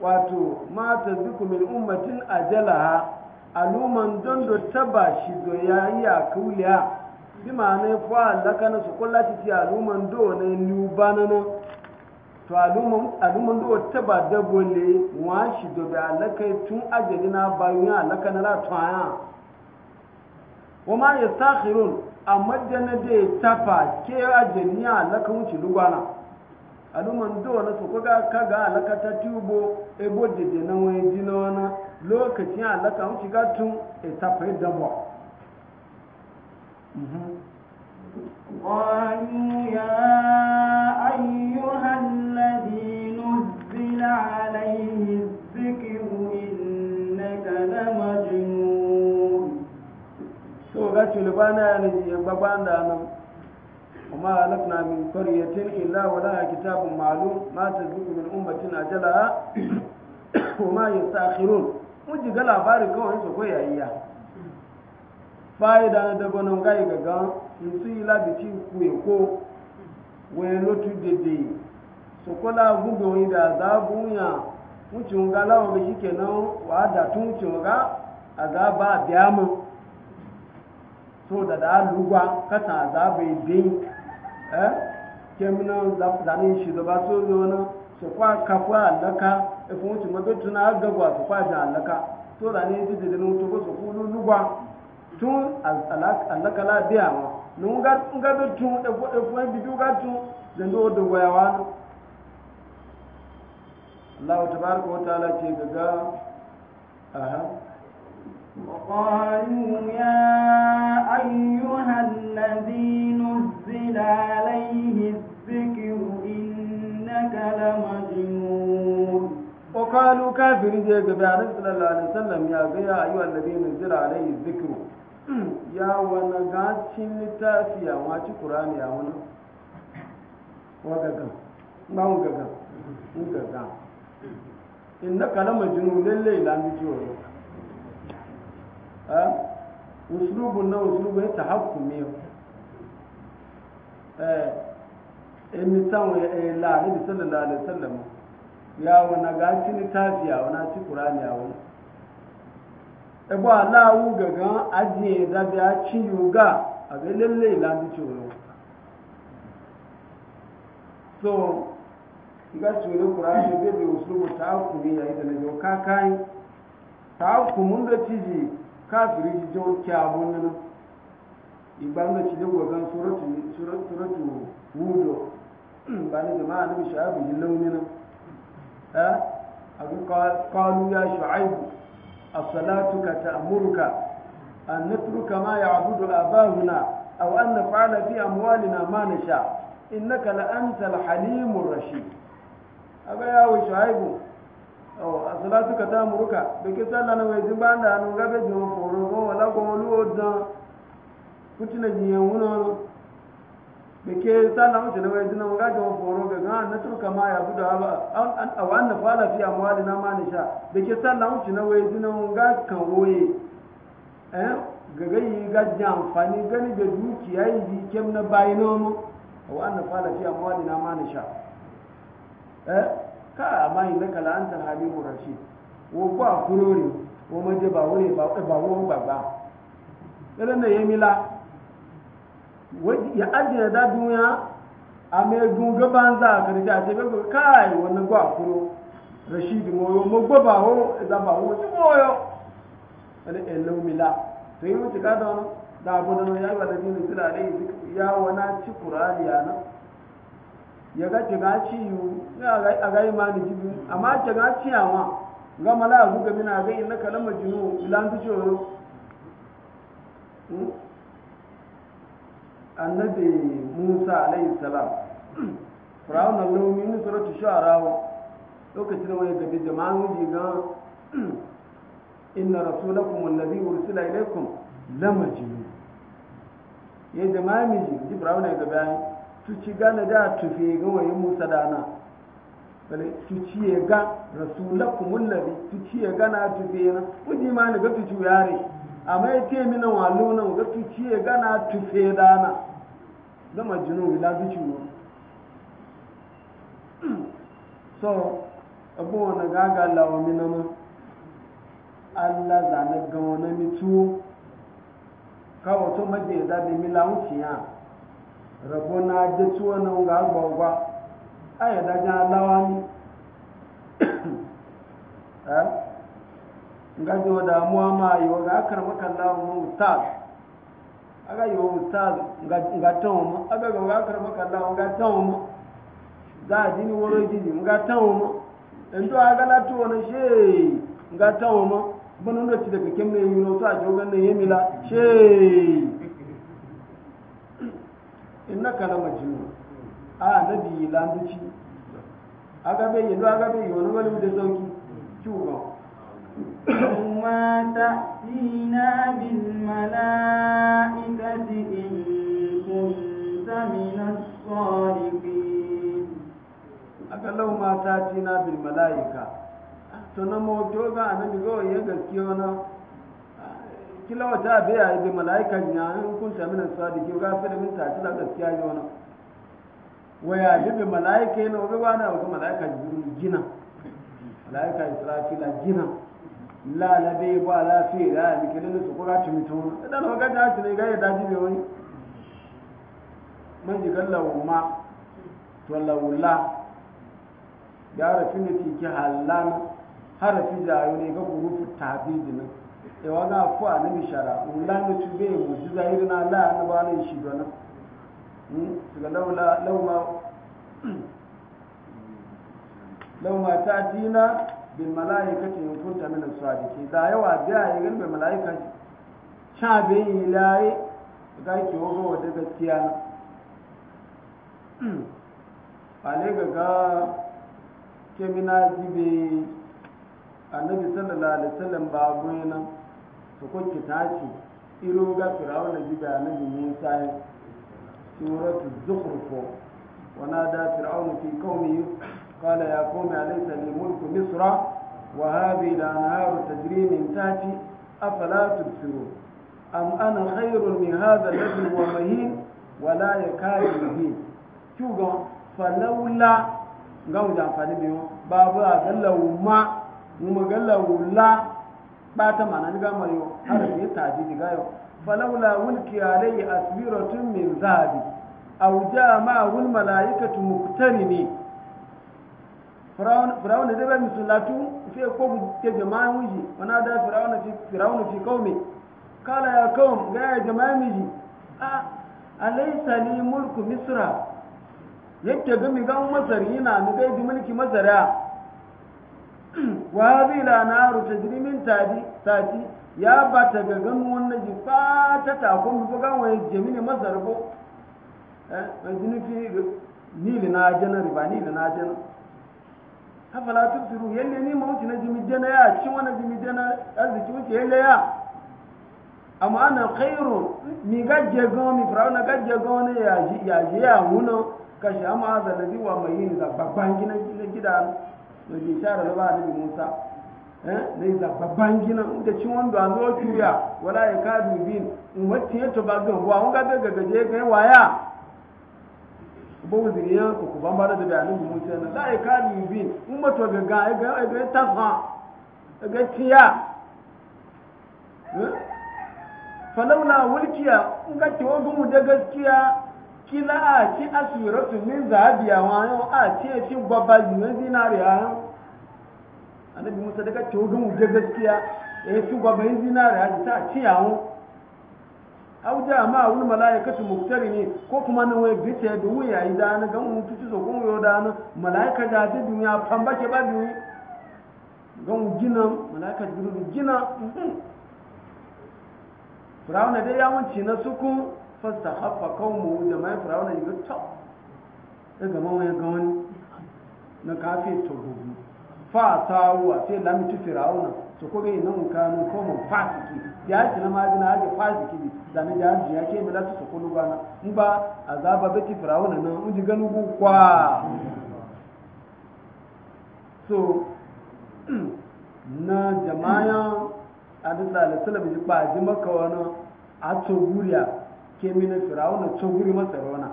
wato mata duku min أمة أجلها ألوما dondo تبا شدو يا يا كوليا بما bi لك نسو fi allaka na su kula to alumun do wata ba dabo ne wa shi dobe alakai tun ajali na bayan allaka na latuwa wa ma ya sakhirun amma jana da ya tafa ke ajiyar ya alaka wuce lugwana aluman do na su kuga kaga alaka ta tubo ebo dede na wani jina wani lokacin alaka wuce gatun e e mhm. ya tafa ya dabwa
قالوا يا أيها الذي نزل عليه ga tulba na ya gbagba
da nan kuma halakna min qaryatin illa wa laha kitabun ma'lum ma zuku min ummatin ajala kuma ma yastakhirun mun ji ga labari kawai su ko yayiya fa'ida na dabo nan ga gaga in su ila biti ku ko wani lotu dede so ko gugu yi da ya mu ci ngala wa bi kenan wa da tun ci ga azaba biyamu so da da lugwa kasa za bai bin eh kemna zani shi da ba so zo na so kwa kwa alaka e fun ti mabe tuna gagwa so kwa da alaka to da ne ji da no to so ku lugwa tun alaka la biya ma nun ga ga do tun e ko e fun bi du ga tun da do do waya wa Allah tabaraka wa ta'ala ce gaga aha
وقالوا يا أيها الذي نزل عليه الذكر إنك
لمجنون وقالوا كافر جاء النبي صلى الله عليه وسلم يا أيها الذي نزل عليه الذكر ya wani gacin littafi a waci kurani a wani wagagan ba wagagan wagagan inna kalama jinu lalle ila mijiyoyi usulubun na usulubun ta hakumi emi tanwe la nabi sallallahu alaihi wasallam ya wana ga cini tafiya wana ci qur'ani ya wani ebo alawu gaga ajiye da biya ci yoga a ga lalle la bi ciwo so iga ciwo bebe be be usulubu ta hakumi ya idan ga kakai ta hakumun da ciji kafiri jijo kyawun nan igba na ci dawo gan suratu suratu wudo *clears throat* ba ne jama'a bi shu'aibu yi launi nan ha abu qalu ya shu'aibu as-salatuka ta'muruka an natruka ma ya'budu abahuna aw an naf'ala fi amwalina ma nasha innaka la antal halimur rashid aga ya shu'aibu o oh, asala suka ta muruka beke sallah na wai ba da anu gabe jo foro go wala ko lu odan kutina jiye wuno beke sallah mutane wai dina ga jo foro ga ga na turka ma ya buda ba an awan na fala fi amwali na manisha beke sallah mutane wai dina ga kan woye eh gaga yi ga amfani gani da dukiya yi bi kem na bayinono awan na fala fi amwali na manisha eh ka amma inda kala an tar habibu rashid wo ko akurori wo ma je ba wuri ba ba wo gbagba ele na yemila ya ajiye da a mai dunga gaban za karshe a ce be kai wannan ko kuro rashid mo yo mo gbo ba wo e da ba wo ti e mo yo ɗan ele e mila to yi mu ti ka don da abu da ya ba da dinin sira ne ya wana ci kurari ya ya ga ci gaci yu a ga ni jibi amma ci gaci yawa ga mala a guga mina ga ina kalama jino ilan ta wani hmm? annabi musa alayhi salam *clears throat* firawun na lomi ni sha rawa. lokacin wani gabi ma'amu ji ga *clears throat* inna rasulakum allazi ursila ilaykum lamajnun ya jama'a miji jibril ne gabi ayi tuci gane da tufe ga wayin musa dana bale tuci ya ga rasulakum allazi tuci ya gana tufe na kuji ma ni ga tuci yare amma yace mina walu nan ga tuci ya gana tufe dana gama jinu ila tuci mu so abu ga gaga lawa mina ma Allah zane ga wani mituwo kawo to maje da bi milawun ciyan. rabo na adatu wannan ga gbagwa aya da jan lawani *coughs* eh nga jo da mu yi yo ga karma kallahu mu ta aga ta nga nga aga ga karma kallahu nga tawo za a dini woro jiji nga tawo mu ndo aga la na she nga tawo ndo ti to a jogan ne la Inna kala majnun a nabi landuci aga be yi aga be yi wani wani da sauki kyuwa
ma ta'tina bil mala'ikati in kunta min as-salihin aga law
ma ta'tina bil mala'ika to na mo to annabi ga ya gaskiya kila wata bai ya yi mala'ika ya in kun sami nan sa dike ga fi da min ta tila gaskiya ne wannan waya bi bi mala'ika ne wani ba na wata mala'ika jibril gina mala'ika israfila gina la la bai ba la fi la mi kila ne su kura tumito da na ga ta tile ga ya daji bai wani man jigan lawma to lawla ya rafi ne ki halan harafi jayo ne ga gurufu tabidin da wani afu a nan shara ulan da tube mu ji zahiri na la na ba na hmm? shi gona daga laula lauma *clears throat* lauma ta dina bin ta in kunta su a jiki da yawa biya yin bin sha cha yi laye ga ki hogo da gaskiya *clears throat* ale ga ga kemina jibe annabi sallallahu alaihi wasallam ba goyi nan su kuke tashi iro ga firawuna gida na musa ya suratu zukhrufo wana da firawuna fi kauni kala ya kome laisa ne mulku misra wa habi da anharu tajri min a afala tubsiru am ana khairun min hadha alladhi huwa mahin wa la yakadu bihi kuga falawla ga da amfani biyu babu a gallawu ma mu gallawu la bata mana ni gama yau harafi ya taji diga yau falaula wulki alayhi asbiratun min zahabi aw jaa ma'ahu almalaikatu muqtarini firaun firaun da ba misulatu sai ko ke jama'a miji wana da firaun fi firaun fi qaumi kala ya qaum ga ya jama'a miji a alaysa li mulku misra yake ga mi ga masar yana ni ga mulki masara وهذه لا نار تجري من تادي تادي يا باتا غغن wannan ji fa ta ta kun bi gan waye jemini ko. eh wai jini fi ni li na jana riba ni li na jana ha fala tu diru yalle ni ma wuce na jimi jana ya ci wannan jimi jana arziki wuce yalle ya amma ana khairu mi gajje gan mi farauna gajje gan ne ya ji ya ji ya huno kashi amma zalabi wa mai yin zabban gina gidan da shara da ba musa na yi zababban gina da cin wanda a zuwa kuriya wala ya ka dubin umarci ya tuba gan wa wanga da gagaje ga waya ba wuzuri ya ban ba da bayanin mu musa na la ya ka dubin umarci ga ga tafa ga tiya wulkiya in ga ki wagu mu da gaskiya a min a annabi musa daga ce hudu wuje gaskiya ya su ba bai zinare haji ta ciyawo au da ma wani mala'ikatu muktari ne ko kuma nan wai bice da wuya yi da na gan mutu ci zokon wuyo da na mala'ika da ta duniya famba ke ba biyu gan gina mala'ika da jibril gina firawuna dai yawanci na suku fasta haffa kawo mai firawuna yi ga top daga mawaye ga wani na kafin togo fa tawuwa sai lamitu firauna su kuma yi nan kanu komun fasiki da yaki na magina hake fasiki ne da na jaji ya ke mila su kulu bana in ba a zaba beti firawuna nan in ji ganu kwa so *clears throat* na jama'a adisa alisalam ji ba ji maka wani a toguriya ke mina firawuna toguri masa rona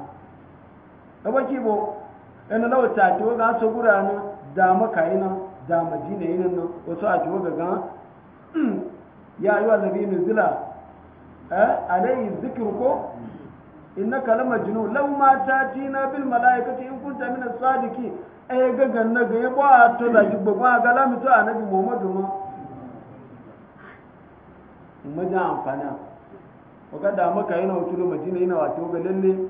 ɗaba kibo yana lawa tatewa ga togura na da maka yi nan da madina yin nan wasu a ciwo ga gan ya yi wa zabi nuzila eh, yi zikir ko In na kalama jinu lau ma ta ci na bil mala'ikati in kunta min sadiki eh, yi ga na ga yabo a to da gibba ba ga a annabi muhammadu ma majan amfana waka da maka yana yi madina yana wato ga lalle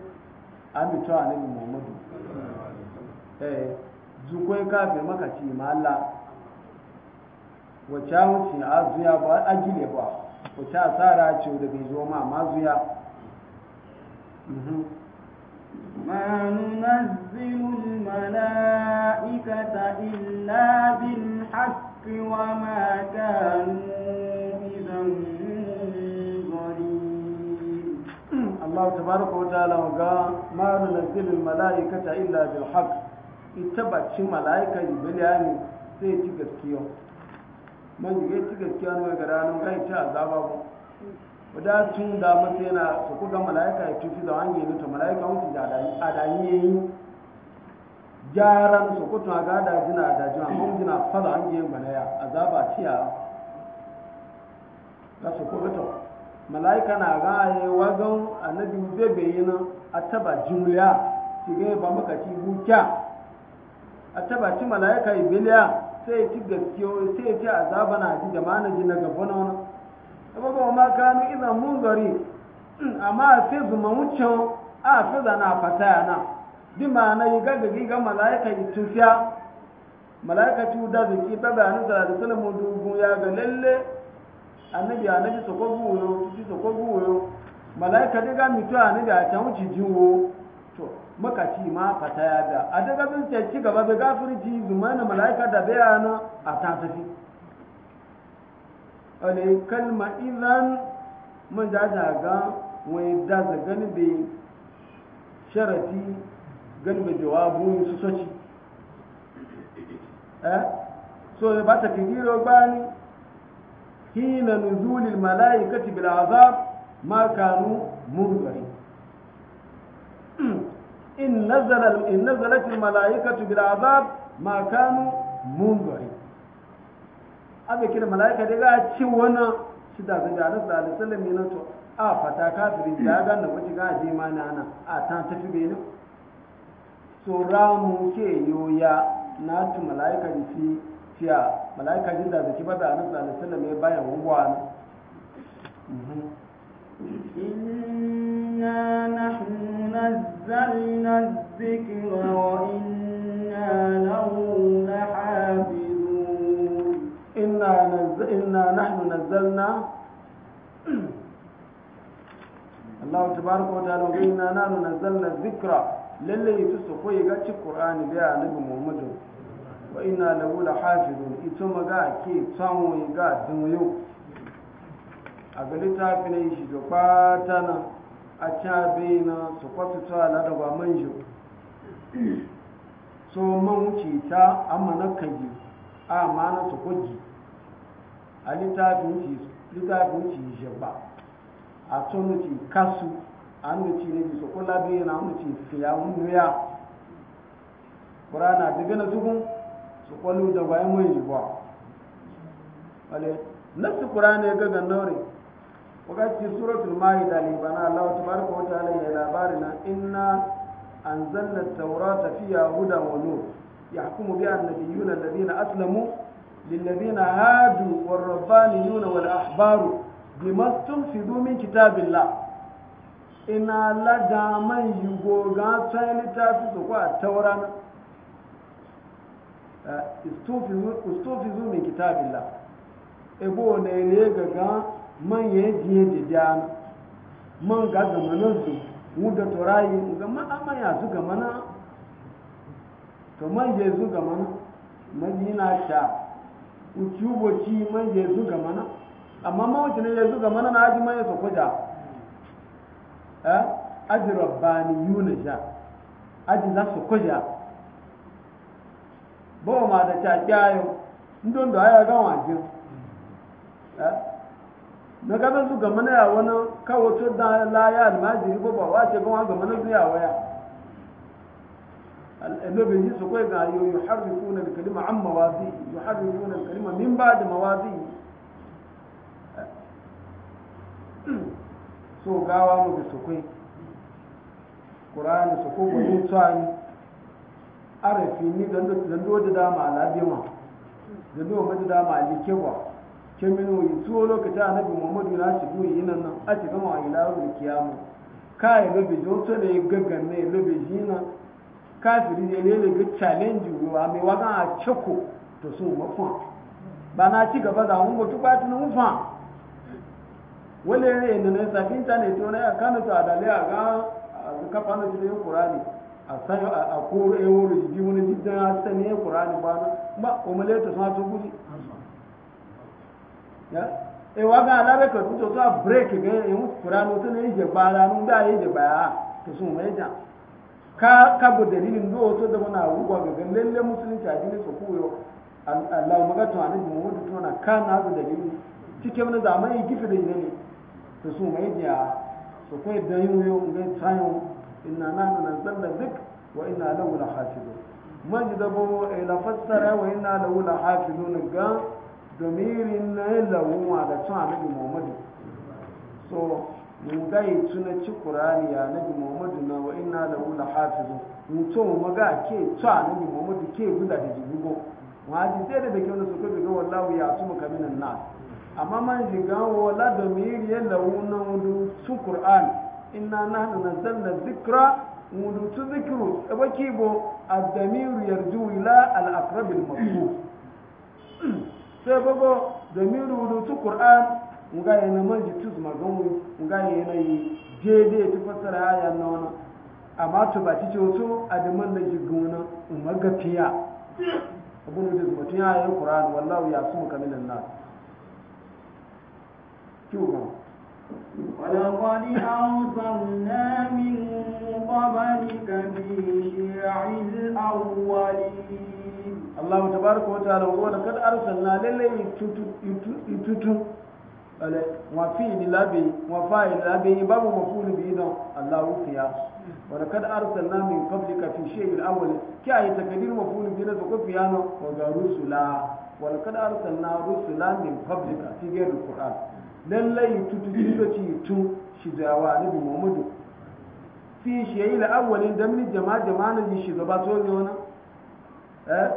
an bi to annabi muhammadu eh. zukoi kafin maka ce ma Allah wacce a wuce a zuya ba a gile ba wacce a tsara ce da bai zo ma ma zuya mhm.
ma nuna mala'ikata illa bin haƙi wa ma kanu idan hmm. Allah ta baraka wa ta'ala
ga ma nuna zilun mala'ikata illa bin haƙi ita bacin mala'ika jibiliya ne sai ci gaskiya man yi ci gaskiya ne ga ranar gai ta azaba ku wadda tun da masa yana su kuka mala'ika ya tufi da wani yanuta mala'ika wuce jadayi adani yayi jaran su kutu ga da jina da jina mun jina fada an yi bana ya azaba ciya a su kuga to mala'ika na ga wajen annabi zai bayyana a taba jimliya shi ga ba makaci ci bukya a ci malaika biliya sai ci gaskiyo sai ci azaba na ji da manaji na gaba na wani kuma ba ma kanu idan mun gari amma sai zuma wucin a fi zana fata yana bi ma na yi gaggagi ga malaika yi tufiya malaika tu da zuki ba bayanin sa da sulmu dubu ya ga lalle annabi annabi sokobu yo tuti sokobu yo malaika diga mitu annabi a can wuci jiwo makaci ma fata ya da a daga sun ci gaba da gafirci zumana mala'ika da bayana a ta tafi ale kalma idan mun da daga wai da gani ganbe sharati gani da jawabu su soci eh so ba ta kidiro bani hina nuzulil mala'ikati bil azab ma kanu murgari in nazala in nazalat al malaikatu bil azab ma kanu munzari abe kira malaika da ga ci wannan shi da zan da sallallahu alaihi wasallam ne to a fata kafirin da ga nan wuce ga je ma na a ta tafi ne so ramu ke yoya na tu malaika da ci ya malaika jin da zaki bada annabi sallallahu alaihi wasallam ya bayan
ne inna nahnu نزلنا الذكر وإنا له لحافظون إنا, نز... إنا نحن
inna nanu nazzalna dhikra lalle ita su koyi ke tsawo ga dunyo a littafi ne shi ga a cabe na su kwatutu so man wuce ta amana kaji a ma na su a littafin ci jaba a tonu kasu a hannu ne su sokola biyu na fiya hannu ya ƙurana daga na tukun su da gwayan mai ba ya gaga naurin wakati suratul ma'ida libana Allah tabaraka wa ta'ala ya labari na inna anzalna at-taurata fiha hudan wa nur yahkumu bi an-nabiyyuna alladhina aslamu lilladhina hadu war-rabbaniyuna wal-ahbaru bima tunfidu min kitabillah ina lada man yugo ga tsayani ta fi su a taura na istofizu min kitabillah ebo ne ne ga man ya jiye da jami man ga gamanin su wuda turayi ga ma ma'ama ya su gamana to man ya zu gamana madina sha uci uboci man ya ga gamana amma ma wuce ne ya zu gamana na aji man ya sokoja eh aji rabbani yuna sha aji za su sokoja bawa ma da cakiyayo, kyayo ndon da aya ga wajin eh na gaban su gama na yawon kawo to da laya almajiri ko ba wace ce gawa gama na su ya waya al'ababin yi su kai ga yau yi harfi kuna da kalima an mawazi yi harfi kuna da kalima min ba da mawazi so gawa mu da su kai ƙura'ani su ko gudun tsani arafi ni zando da dama labewa zando da dama likewa kemini yi tuwo lokacin annabi muhammadu na ma yi nan nan a cikin a ila da kiyama ka yi lobe ji wato da ya gaggan o lobe na ga challenge ruwa mai a ceko to sun mafan ba na ci gaba da ba tunan wale ne na ya kano ta adale a ga na jirgin kurani a san a koro wani a sani e wa ga ala ka tu to a break ga e mu qur'anu to ne je ba la nu da ye je ba to sun mai da ka ka bu dalilin do to da muna wuwa ga ga lalle musulunci a dinin su koyo Allah maga to anan mu wudu to na kana da dalili cikin wani zamani gifi da ne to sun mai da su koyi da yin yo ga tsayo inna nahnu nazzalna dhikr wa inna lahu lahafizun man jidabo la fassara wa inna lahu lahafizun ga domirin na lawunwa da cin annabi muhammadu so mu ga yi tuna ci kurani ya nabi muhammadu na wa inna lahu lahafizu mu to mu ga ke cin annabi muhammadu ke guda da jibugo wa ji sai da bakin wani suka bi ga wallahu ya tumu kaminan na amma man ji ga wala domin yin lawunna wudu su kurani inna nahnu nazzalna dhikra wudu tu dhikru e bakibo ad-damiru yarju ila al-aqrab al *clears throat* sai bago da mi rubutu qur'an nga ya na manji tuz magamu nga ya na yi daidai ta fasara aya na wani amma to ba cice wato a da man da jigona umar gafiya abun da zuma tun ya yi qur'an wallahu ya sumu kamilan nas kiwo
ولقد أرسلنا من قبلك في شيع الأولين Allah
tabaraka wa ta'ala wa laqad arsalna lillan yututu yututu ale wa fi lilabi wa fa lilabi babu mafulu bi idan Allah ukiya wa laqad arsalna min qablika fi shay'in awwal ki ayi takdir mafulu bi idan ko fiyano wa ga rusula wa laqad arsalna rusula min qablika fi ghayr alquran lillan yututu yututu tu shi dawa nabi Muhammadu fi shay'in awwal dan min jama'a jama'a ne shi gaba to ne wannan eh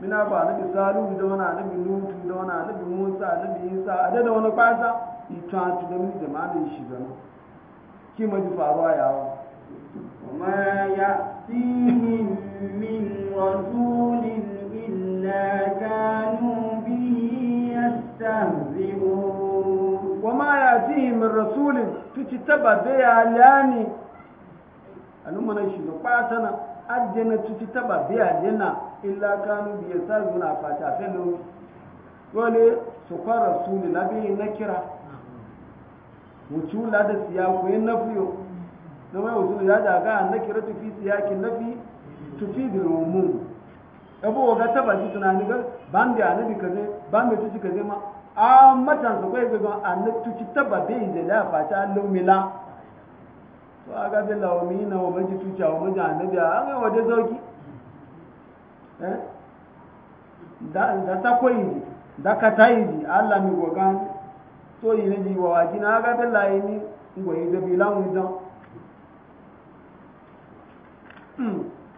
mina ba nabi salu da wani nabi lutu da wani nabi musa nabi isa a da wani kwasa ita tu da mini jama'a da shi zama ki ma ji faruwa yawo
وما يأتيهم من رسول إلا كانوا به يستهزئون وما يأتيهم من رسول تتبع بها لاني
أنهم نشيلوا قاتنا أدنا تتبع ya لنا illa kanu bi yasaruna fata felu wale su kwa rasuli labi na kira wucula da siya ku yin nafiyo na mai wucula ya daga na kira tufi siya ki na fi tufi da rumun abu ga taba ji tunani ga ban da annabi kaze ban da tuci kaze ma a matan su kai gaban annabi tuci taba bai da la fata lumila to aga da lawmina wa maji tuci wa maji annabi a ga waje zauki Eh? da takwai da ka ta yi allah mi gwagan so yi naji wa waji na aga da laye ni ngwayi da bilan wujan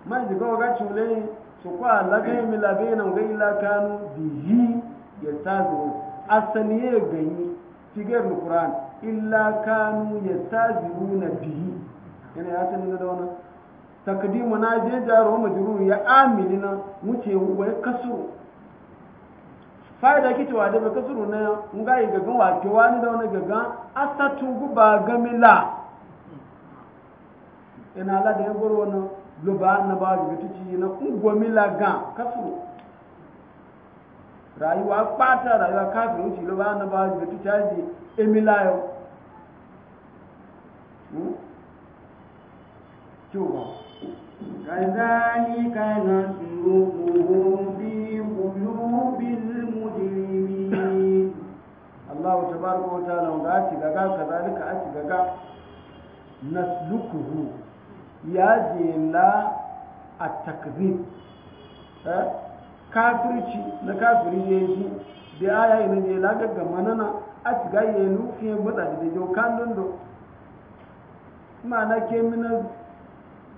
man jiga waga cule su kwa lagai mi labe na ngai la kanu bihi ya zuwa. asali ya ganyi figar qur'an illa kanu yastaziruna bihi yana ya sanin da wani? takdimu na je jaro majrur ya amilina wuce wa kasuru fa'ida kito wa da kasuru na nga yi gagan wa ke wani da wani gagan asatu guba gamila ina la da yagoro wani luba na ba da tuci na ungomila ga kasuru rayuwa kpata rayuwa kafin wuce luba na ba da tuci aji emila yau
Thank hmm? you. كذلك نسلكه في قلوب المجرمين الله تبارك وتعالى
وقال كذلك أتكذلك نسلكه يا جيلا التكذيب kafirci na kafiri ya yi shi da aya yi ne la gaggan manana a tiga ya yi lufi ya da jau kan dondo ma na ke minar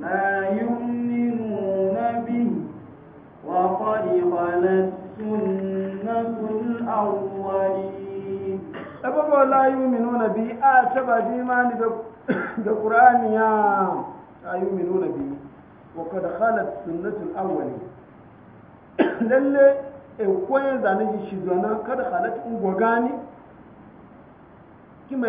لا يؤمنون به وقد خلت سنة الأولين
أبو لا يؤمنون به آتبا ديمان da ƙur'ani ya ayyumi nuna biyu wa kada khalat sunnatul awwali lalle e koyen zane shi shi zana kada khalat in gwagani kima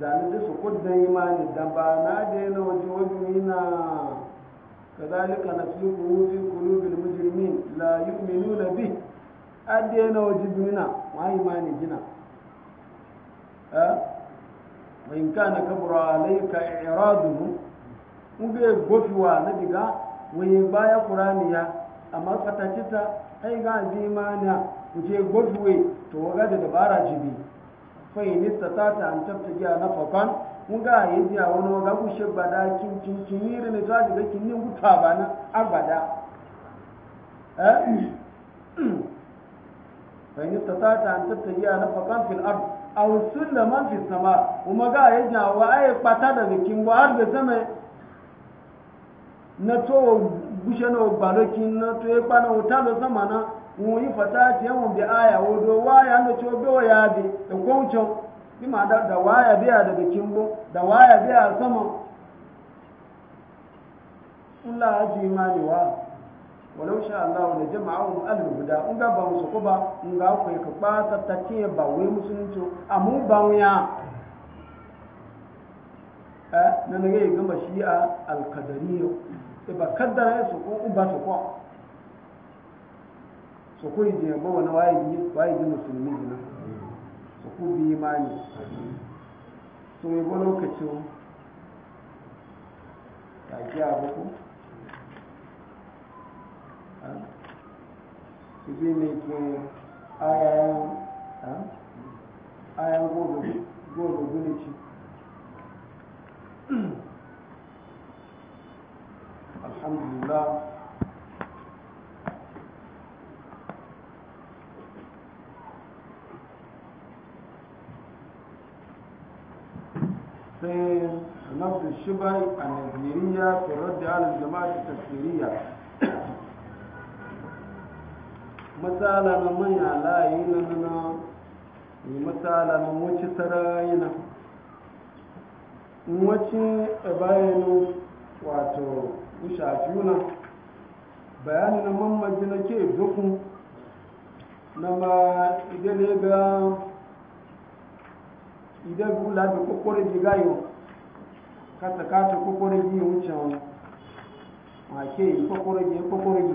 zane duk su kudin imani da ba na da yana waje wajen yana zalika na fi kuru fi kuru bil mujrimin la yu'minu na bi a da yana waje duniya ma imani gina mai in na kabura mu i'raduhu ube gofiwa na diga wani baya qur'ani ya amma fatacita ai ga imani ku je gofiwe to waga da dabara jibi fai nista ta ta an tafta giya na fakan nga yi biya wani waga kushe bada kin kin kin yiri ne ta ji kin ne wuta ba na abada fai nista ta ta an tafta giya na fakan fil wasu da man fi sama kuma ga yi biya wa yi kpata daga kin wa har da sama na to gushe na balokin na to ya kwana wuta da sama na wọn yi fata tiyan wọn bi aya wo do waya no cho be wa ya bi da goncho bi ma da da waya biya daga kimbo da waya biya sama Allah aji imani wa walau sha Allah wa jama'u al huda un ga ba musu kuba un ga ku ka bata ta ce ba wai musulunci amu ba wuya eh nan ne ga gamba shi'a al qadariyya e ba kaddara su ko ba su ko so ko yi jiya ba wani waye ji musulmi ne so bi imani so yi ba lokacin ta ji abu ku su bi ne ke ayayen ayayen gobe gulici alhamdulillah الشبه النذيرية في الرد على الجماعة a مثلا من على na مثلا من وتسرائنا na bayan wato shafiyuna bayani na mamaji na ke dukun na ma idane ga idan gula da kokore Jigayo. kata kata kokoregi wuce wake yi kokoregi ya kokoregi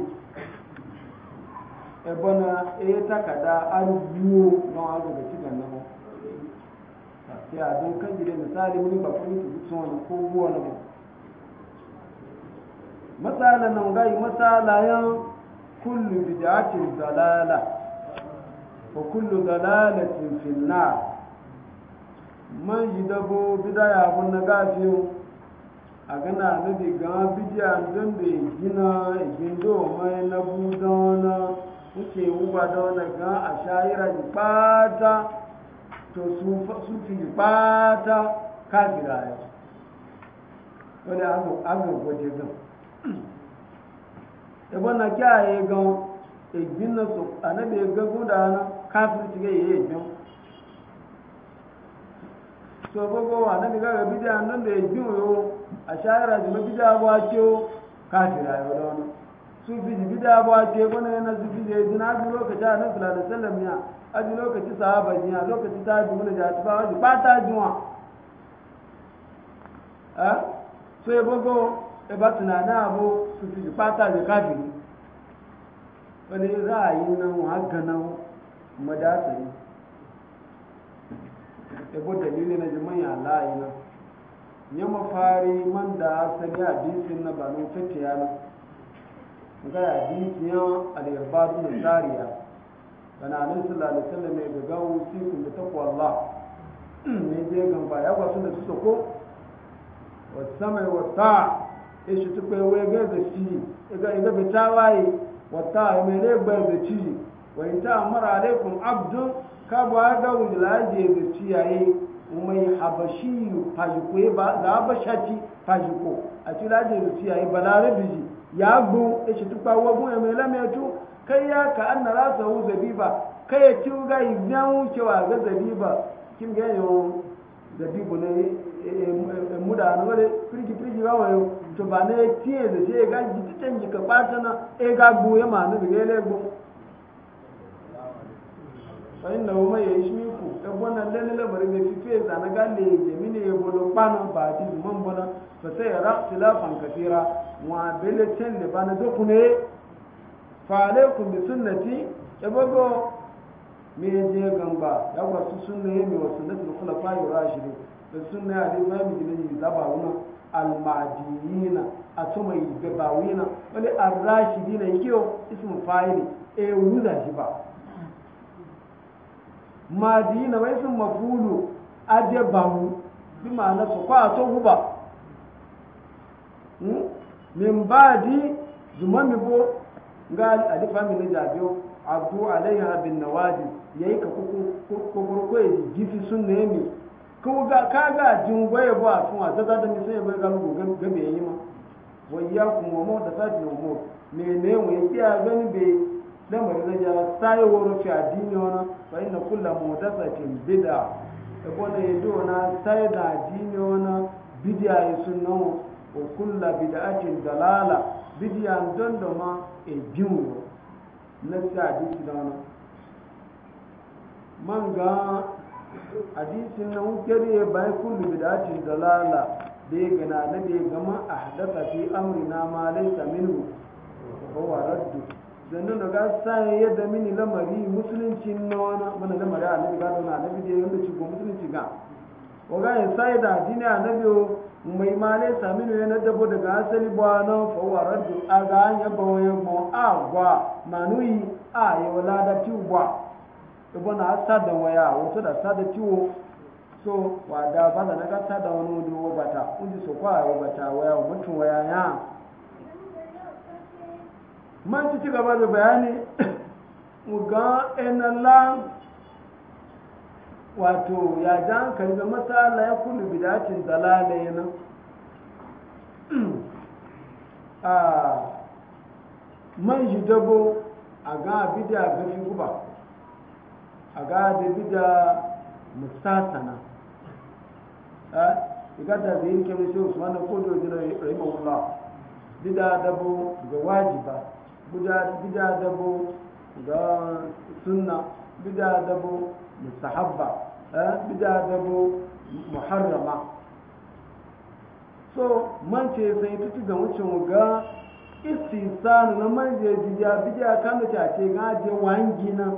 ebona eye takada an biyo don an daga cikin nan sai a don kan gida misali wani bakon yi tuzu wani ko buwa na mai matsala nan gai matsalayen kullu bid'atin dalala wa kullu dalalatin fil nar man yi dabo bidaya bun na gafiyo a gana na diga bidiya don bai gina gindo mai na budana wuce wuba da wani ga a shayira ji fata to su fi ji fata kafira ya wani agagwa je gan ebe na kyaye gan egin na so anabe ga da na kafirci ga yi egin so gogo wa na daga bidiya nan da ya biyo a shayara da bidiya ba ke kafira ya wala wani sufi ji bidiya ba ke gona yana sufi da yaji na aji lokaci a nan sallallahu alaihi wasallam ya aji lokaci sahaba a lokaci ta ji mun da ta ba ta jiwa a? so ya gogo e ba tunana abu sufi ji fata da kafiri wani ra'ayin nan wa haka nan ebo dalilin na jimin ya layi nan ya mafari man da a hadisin na ba nun fita ya nan ga hadisi ya al-irbadu na sariya kana nan sallallahu alaihi wasallam ya ga wasiqu bi taqwallah ne je gan ba ya ba da su wata wasamai wata ishi tukwe wege da shi iga iga bitawaye e e wata mai ne gbe da ci wai ta amara alaikum abdun ka ba da wulaje ga ciyaye mai habashi fajiko ba za ba ci fajiko a ci laje ga ciyaye lare biji ya gbo ya ci tukpa wagun ya mai lametu kai ya ka an na rasa hu zabiba kai ya ci ga izan wucewa ga zabiba kim ga yau zabibu ne eh, eh, eh, muda na wale firgi firgi ba wayo to ba ne ciye da ce ga ji ta canji ka ɓata na e ga gbo ya ma na daga ya lagbo fẹ́yìn náà wọ́n yẹ ṣí ikú ẹgbọ́n náà lẹ́lẹ́lẹ́mọ̀rẹ́ bẹ fífi ẹ̀zà náà gálè èmi ní ebolo kpanu bàtí ìmọ̀ ń bọ́nà fẹsẹ̀ yàrá tìlá fankatira wọn abẹ́lẹ̀ tẹ́ lè ba kùn bí mi yẹ jẹ́ gàmbà yàgbà susun náà yẹn mi wọ̀ sunnati lọ́kùnlá fáyọ̀ yàrá ba maji na mai sun mafulu aje bahu bi ma'ana su kwa to guba hmm? min badi zuma mi bo ga alifa min da biyo abdu alaiha bin nawadi yayi ka kuku ko yi gifi sun ne mi ko ga ka ga jingwaye ba sun a zaza da nisan sai bai ga lugu gabe yi ma wayyakum wa mawdafati umur menene wani kiya gani bai dan bari zai ya sai woro ci addini wona fa inna kullu mudaffatin bid'a e bona yedo na sai da addini wona sun yi sunno kula kullu bid'atin dalala bid'a don don ma e jumu na sai addini Man manga hadisi na ukeri ya bai kullu bid'atin dalala da ya gana na da ya gama a haɗaka fi amurina ma laisa minu ko wa raddu zannan daga sayan yadda mini lamari musulunci na wani mana lamari a nabi gado na nabi da yadda ci ko musulunci ga waga ya sayi da addini a nabi mai male saminu ya na dabo daga asali ba na fawarar da a ga an yaba waya mo a gwa manuyi a ya wala da tiwo gwa ibo na sada waya wato da sada tiwo so wa da ba da na ga sada wani wani wabata kundi so kwa wabata waya mutum waya ya man ci gaba da bayani *coughs* mu ga enala wato ya ji hankali ga matsala ya kullu bidacin dalala yana *coughs* a man shi dabo a ga bida gafi guba a ga da bida mustasana a igata da yin kemishi usman na kodo jirai rahimahullah bida dabo ga wajiba gida dabo ga sunna bida dabo mustahabba gida eh, dabo muharrama so man ce zai tutu ga wucin ga istisanu na man je bidiya bidiya kan da tace ga je wangina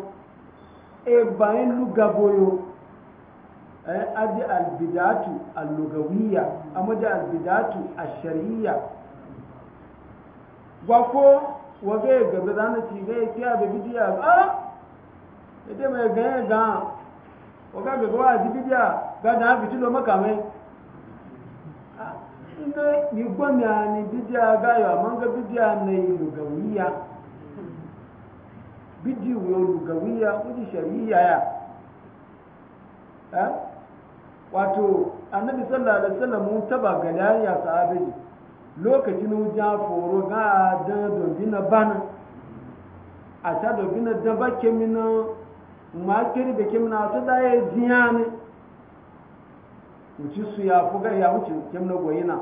e bayan lugaboyo eh adi albidatu allugawiyya amma da albidatu ash-shar'iyya wa ko wage gabe za na ci gai kiya da bidiya a ita mai ganye ga waga gabe wa ji bidiya ga da fiti lo makamai inda ni gwamya ni bidiya ga yawa man ga bidiya na yi lugawiya bidiyo lugawiya kuji shari'a ya wato annabi sallallahu alaihi wasallam mun taba ga yariya sahabi lokacin wuja foro ga da dobina bana a ta dobina da ba kemina ma kiri da kemina ta da ya jiya ne wuci su ya fuga ya wuce kemina goyina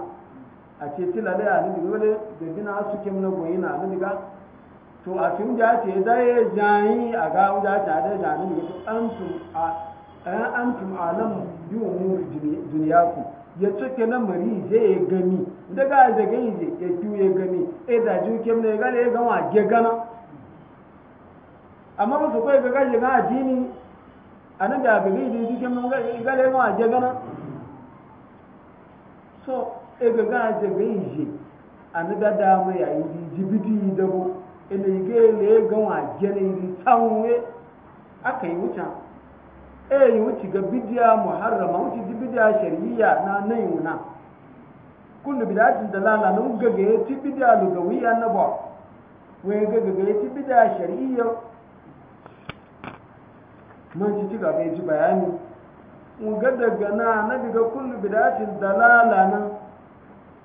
a ce tila da ya nabi wale dobina su kemina goyina na ga to a fi wuja ce da ya jayi a ga wuja ce a da jani ne an tun a alam bi umur dunyaku ya cike na mari je ya gami daga da gani je ya kiwo ya gami eh da ju kem ne ga le ga ge gana amma ba su kai ga ya ga addini anan da ga gani ju kem ne ga le ga ge gana so e ga ga da gani je an da da mu ya yi jibiti dabo ina e ga le ga wa ge ne tsanwe aka wuta e yi wuce ga bidiya muharrama wuce ji bidiya shari'iyya na nan yuna kullu bidatin dalala nan gaga ya ci bidiya lugawiyya na ba wai gaga ga ya ci bidiya shari'iyya man ci ci gaba ya ji bayani mu ga daga na na daga kullu bidatin dalala na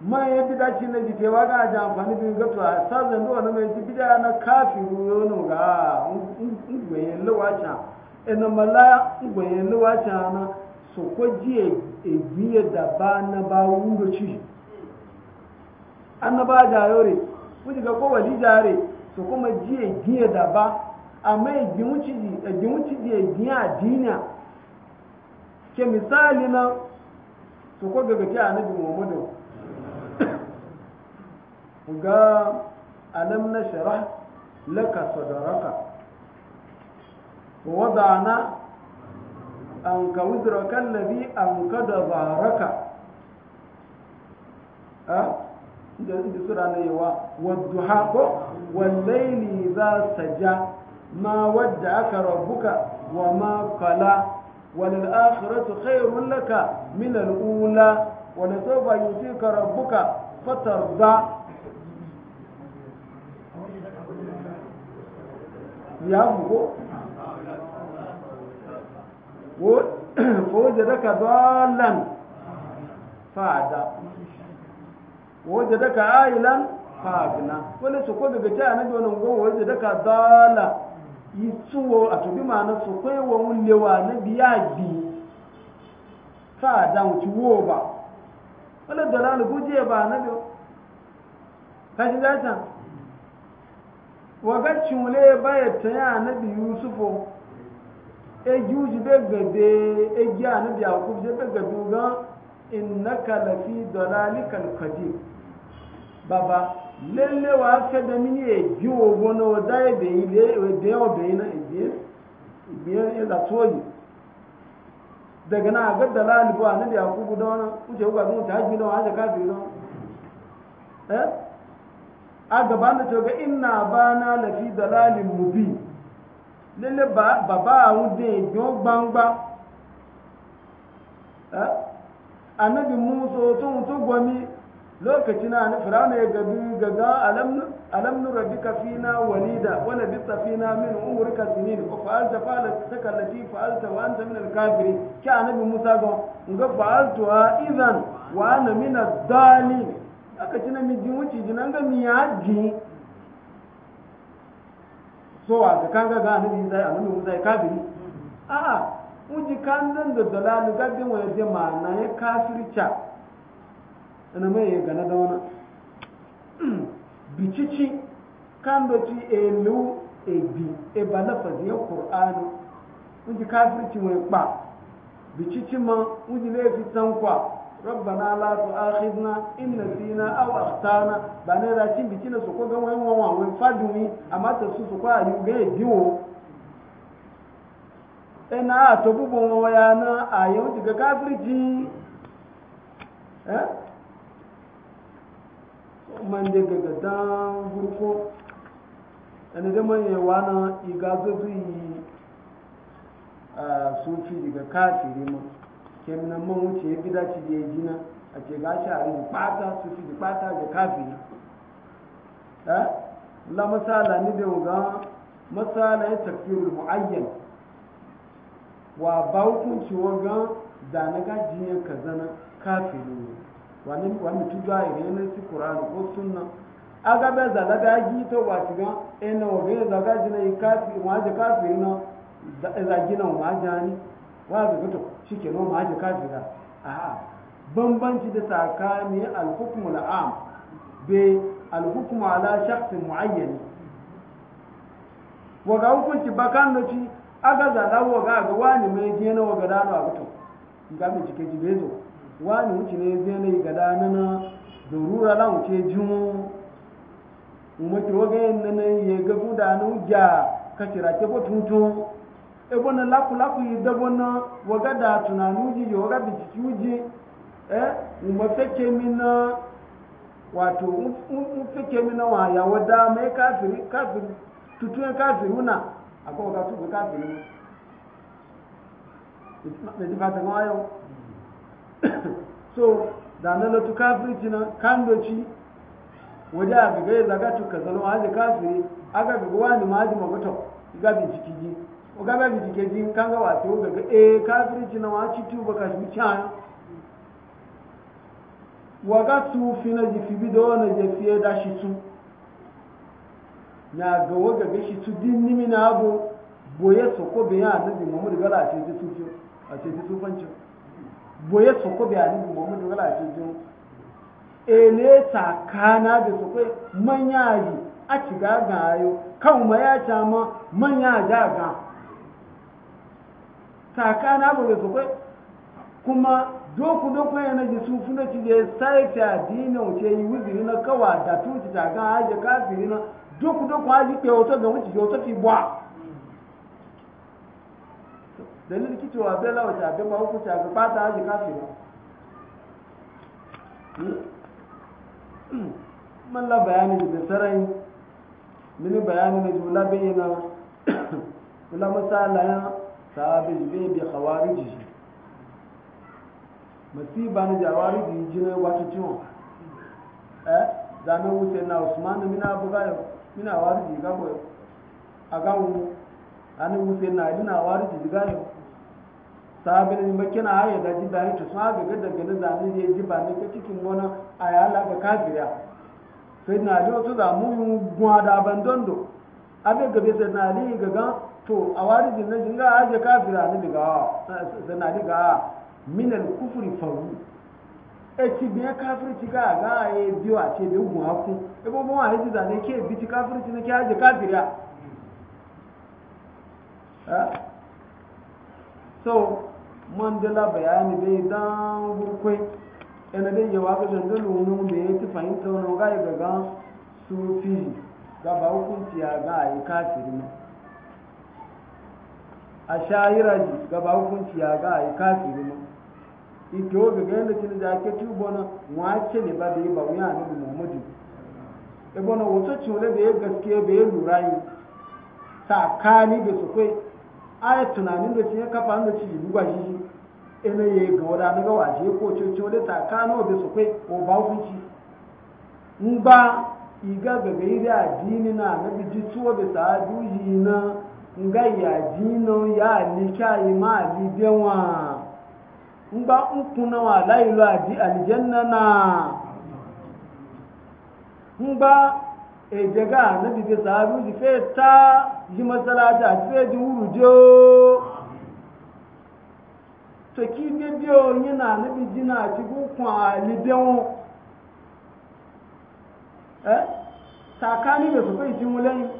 man ya bida ci na ji tewa ga ji amfani bin ga to a sazan duwa na mai ci bidiya na kafiru yau ga in duwayen lawacin ina mala ngwenye nuwa chana so ebiye da ba na ba wundo ci annaba jayore wuce ga ko wali jare so kuma ji ebiye da amma egin wuci ji egin wuci ke misali na soko ko daga ke muhammadu ga alam na sharah laka sadaraka ووضعنا أنك وزرك الذي أنقض ظهرك أه؟ بسورة نيوة والضحى والليل إذا سجى ما ودعك ربك وما قلى وللآخرة خير لك من الأولى ولسوف يؤتيك ربك فترضى يا أبو ووجدك ضالا فعدا ووجدك عائلا فاغنا wani su koga gaci a nabi wani gowa wanda daga dala yi tsuwo a tobi ma'ana su kai wa mulewa na biya bi ka da wuci wo ba wani dalali guje ba na biyu ka yi yusufu eji uji be gade eji anabi yakub je be gadu gan innaka lafi dalalikal qadim baba lele wa ke da mini eji owo na oda ebe ile ebe obe na eji ebi e da toyi daga na ga dalali bo anabi yakub don uje uga gun ta ji don aje ka bi don eh a gaban da to ga inna bana lafi dalalin mubin ba baba àwọn dín ìjọ gbangba annabi musa muso to gwami lokaci na ni firawuna ya gabi gaga alamnu rabbika fina walida wala bitta fina min umrika sinin wa fa'alta fa'alta fa fa'alta wa anta min al-kafirin ki annabi musa ga ga fa'altu idan wa ana min ad-dalin aka ci na mijin jin jinan ga mi ya ji so da ga kanga ga ni sai annabi Musa ya kafiri a'a uji kan da dalalu gaddin wa yaje ma'ana ya kafirca ana mai ya gana da wani *clears throat* bicici kan da elu ebi e ba na fazi ya qur'ani uji kafirci wa ya bicici ma uji ne fi tankwa rabbana n'ala tu'akhidna in nasina na akhtana ba na da cin bikina su ko gan fadumi amma ta su su kwa yu ga ina a to na a yau diga kafirci eh man a kemna man wuce gida ci da jina a ce ga shi a rin bata su fi da bata da kafin eh la masala ni da ga masala ya takfirul muayyan wa ba hukunci wanga da na ga jinya zana kafi ne wani wani tuja irin ne su qur'ani ko sunna aga be za la ga ji to wa ci ga ina wa ga za ga jina kafin wa da kafin na za gina wa jani wa ga to shi ke noma haji kafira a bambanci da tsakani alhukumu al'am be alhukumu ala shaksin mu'ayyani waga hukunci bakan da ci aga zala waga ga wani mai je na waga dano a mutum ga mai cike jibezo wani wuce ne zai na ga dano na durura lan wuce jimu umarci waga yin nan ya gafu da nan ja ka kira ke ko tuntun ebo na laku laku yi dabo na waga da tunani uji yi waga binciki uji eh umma fake mina wato un fake mina wa ya wada mai kafiri kafiri tutuwe kafiri una akwai waga tuku kafiri na ji fata kama yau so da na latu kafiri cina kandoci waje a gaga ya zaga tuka zalo a haji kafiri aga gaga wani ma haji mabuta ga binciki ji ugaba bijike jin kanga wate uga ga eh kafirci na wa ci tuba ka shi cha waga tu bido na je da shi tu na ga shi tu din na abu boye so ko ya mu da gala ce ji tu a ce ji tu fanci boye so ko ya nabi muhammadu gala ce ji ele da su kai manya a ci kan ma ya ma manya ga kakana ba bai kakwai kuma doku doku yana ji su funa ci da sai ta dina wuce yi wuziri na kawa da tuci ta ga haje kafiri na doku doku haji ke wata ga wuce wata fi bwa dalil kito kicewa bai lawata bai ma hukunta ga fata haji kafiri malla bayani da sarai mini bayani na jula bayyana kula masala yana sabis bai bi khawariji masiba ni jawariji jine watu tiwo eh zame wute na usman mina buga mina wariji gabo wu ani wute na ina wariji yo sabin ni na aya da ji da to sa ga gadda ga zane ne ji ba ni ka cikin gona ayala ga kafira sai na ji wato da mu gun da bandondo abe gabe sai na ali ga ga to a wari jin nan jinga aje kafira ni diga sana diga min al kufri fawu e ti bi kafiri ti ga ga e a ce bi gun haku e bo bo wa ji da ke bi ti kafiri ti ne ke kafira so man la bayani bai dan burkwai yana dai yawa ga jandalo nun da ya ti fahimta wani ga ga ga ba hukunci a ga kafiri ma a shayiran gaba hukunci ya ga yi kafiri ike oge ga yadda cin jake tubo na wace ne ba da yi ba wuya annabi muhammadu ebo na wato cule da ya gaske da ya lura yi tsakani da su kai aya tunanin da kafa da ci shi ina e ya ga wada na ga waje ko cece da tsakano da su kai ko ba hukunci in ga addini na annabi ji da sa yi na nga yaji no ya ni kai ma li dewa ngba nkuna wa lailu adi aljanna na ngba ejega na bibi sahabu di fe ta ji masalata ati fe ji wurujo to ki bi bi o yin na na bi ji na ti gu kwa li dewo eh takani be so pe ti mu lẹ́yìn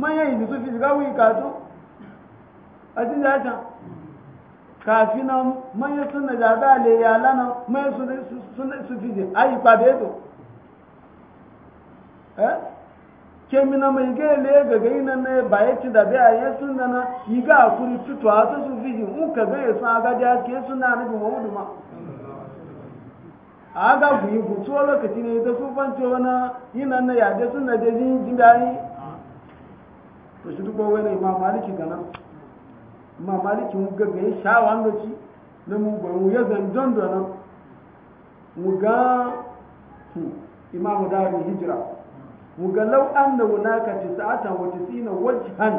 Manyan yi su fi shiga wuyi kato a cikin jashen kafin nan manya jaga ya lana manya suna su fi je a yi eh kemi na mai ga ya gaga ga ina ne ya ci da biya ya sun na yi ga tutu a su su fi je ka ga ya sun aga da ke suna na nabi muhammadu ma aga guyi gutuwa lokaci ne ta sufanci wani yi nan na na jin jin to shi duk ba wani ma maliki gana ma maliki mu ga ga sha wanda na mu ba mu ya zan don da nan mu ga hmm, imamu dawo hijira mu ga law annahu naka tis'ata wa tis'ina wajhan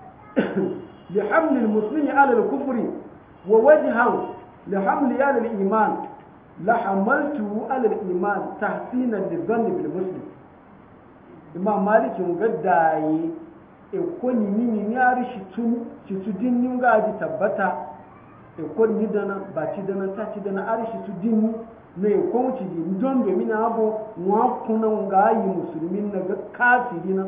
*coughs* li hamli muslimi ala al kufri wa wajhan li hamli ala al iman la hamaltu ala iman tahsinan li dhanni bil muslim imam maliki ga daye e koni mini ni ari shitun shitudin ni ga ji tabbata e koni dana ba ci dana ta ci dana ari shitudin ni ne ko mu ci di don do mina abo wa kuna ga yi musulmin na ga kafiri na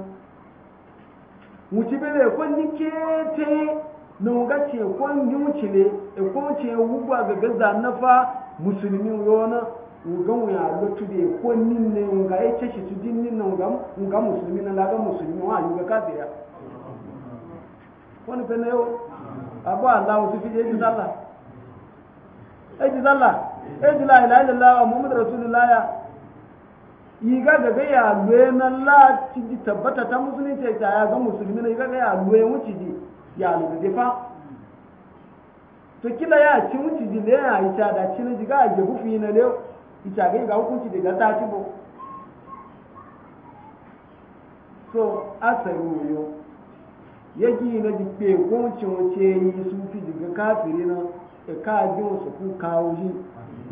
mu ci bele ko ni ke te no ga ce ko ni mu ci ne e ko ce wuba ga gaza nafa musulmin yona ngan wuya lotu be ko nin nga e ce shi nga nin na ngam nga musulmi na laga musulmi wa yuga kafira wani fe ne o abu allah su fi je zalla eji zala eji e ji e la ilaha e e illallah wa muhammadu rasulullah ya yiga ga ga ya loye na la ci ji tabbata ta musulunci ta ya ga musulmi na yi ga ya loye wuci ji ya loye fa to kila ya ci wuci ji le ya yi ta da ci na ji ga ya gufi na lewo ichage ga hukunci daga ta ci so asari wuyo yaki na dikpe hukunci yi su fi daga kafiri na e ka ji wasu ku kawo shi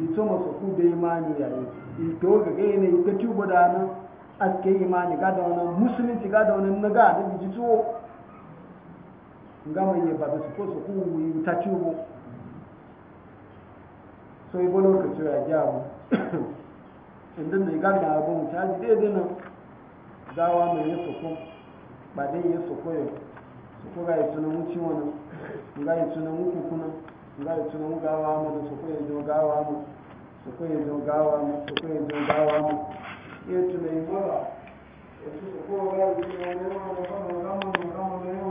ito masu ku da imani yayi ito ga gai ne ita tubo da a aske imani ga da wani musulunci ga da wani na ga tuwo nga mai yaba da su ko su ku wuyi ta inda mai gada abin ta ji daidai nan dawa mai ya soko ba ya soko ga ya tunan wuce wani ga ya tunan wuku kuna ga tunan gawa mu da soko ya zo gawa mu soko ya zo gawa mu
soko ya zo gawa mu ya ya ga ya tunan wani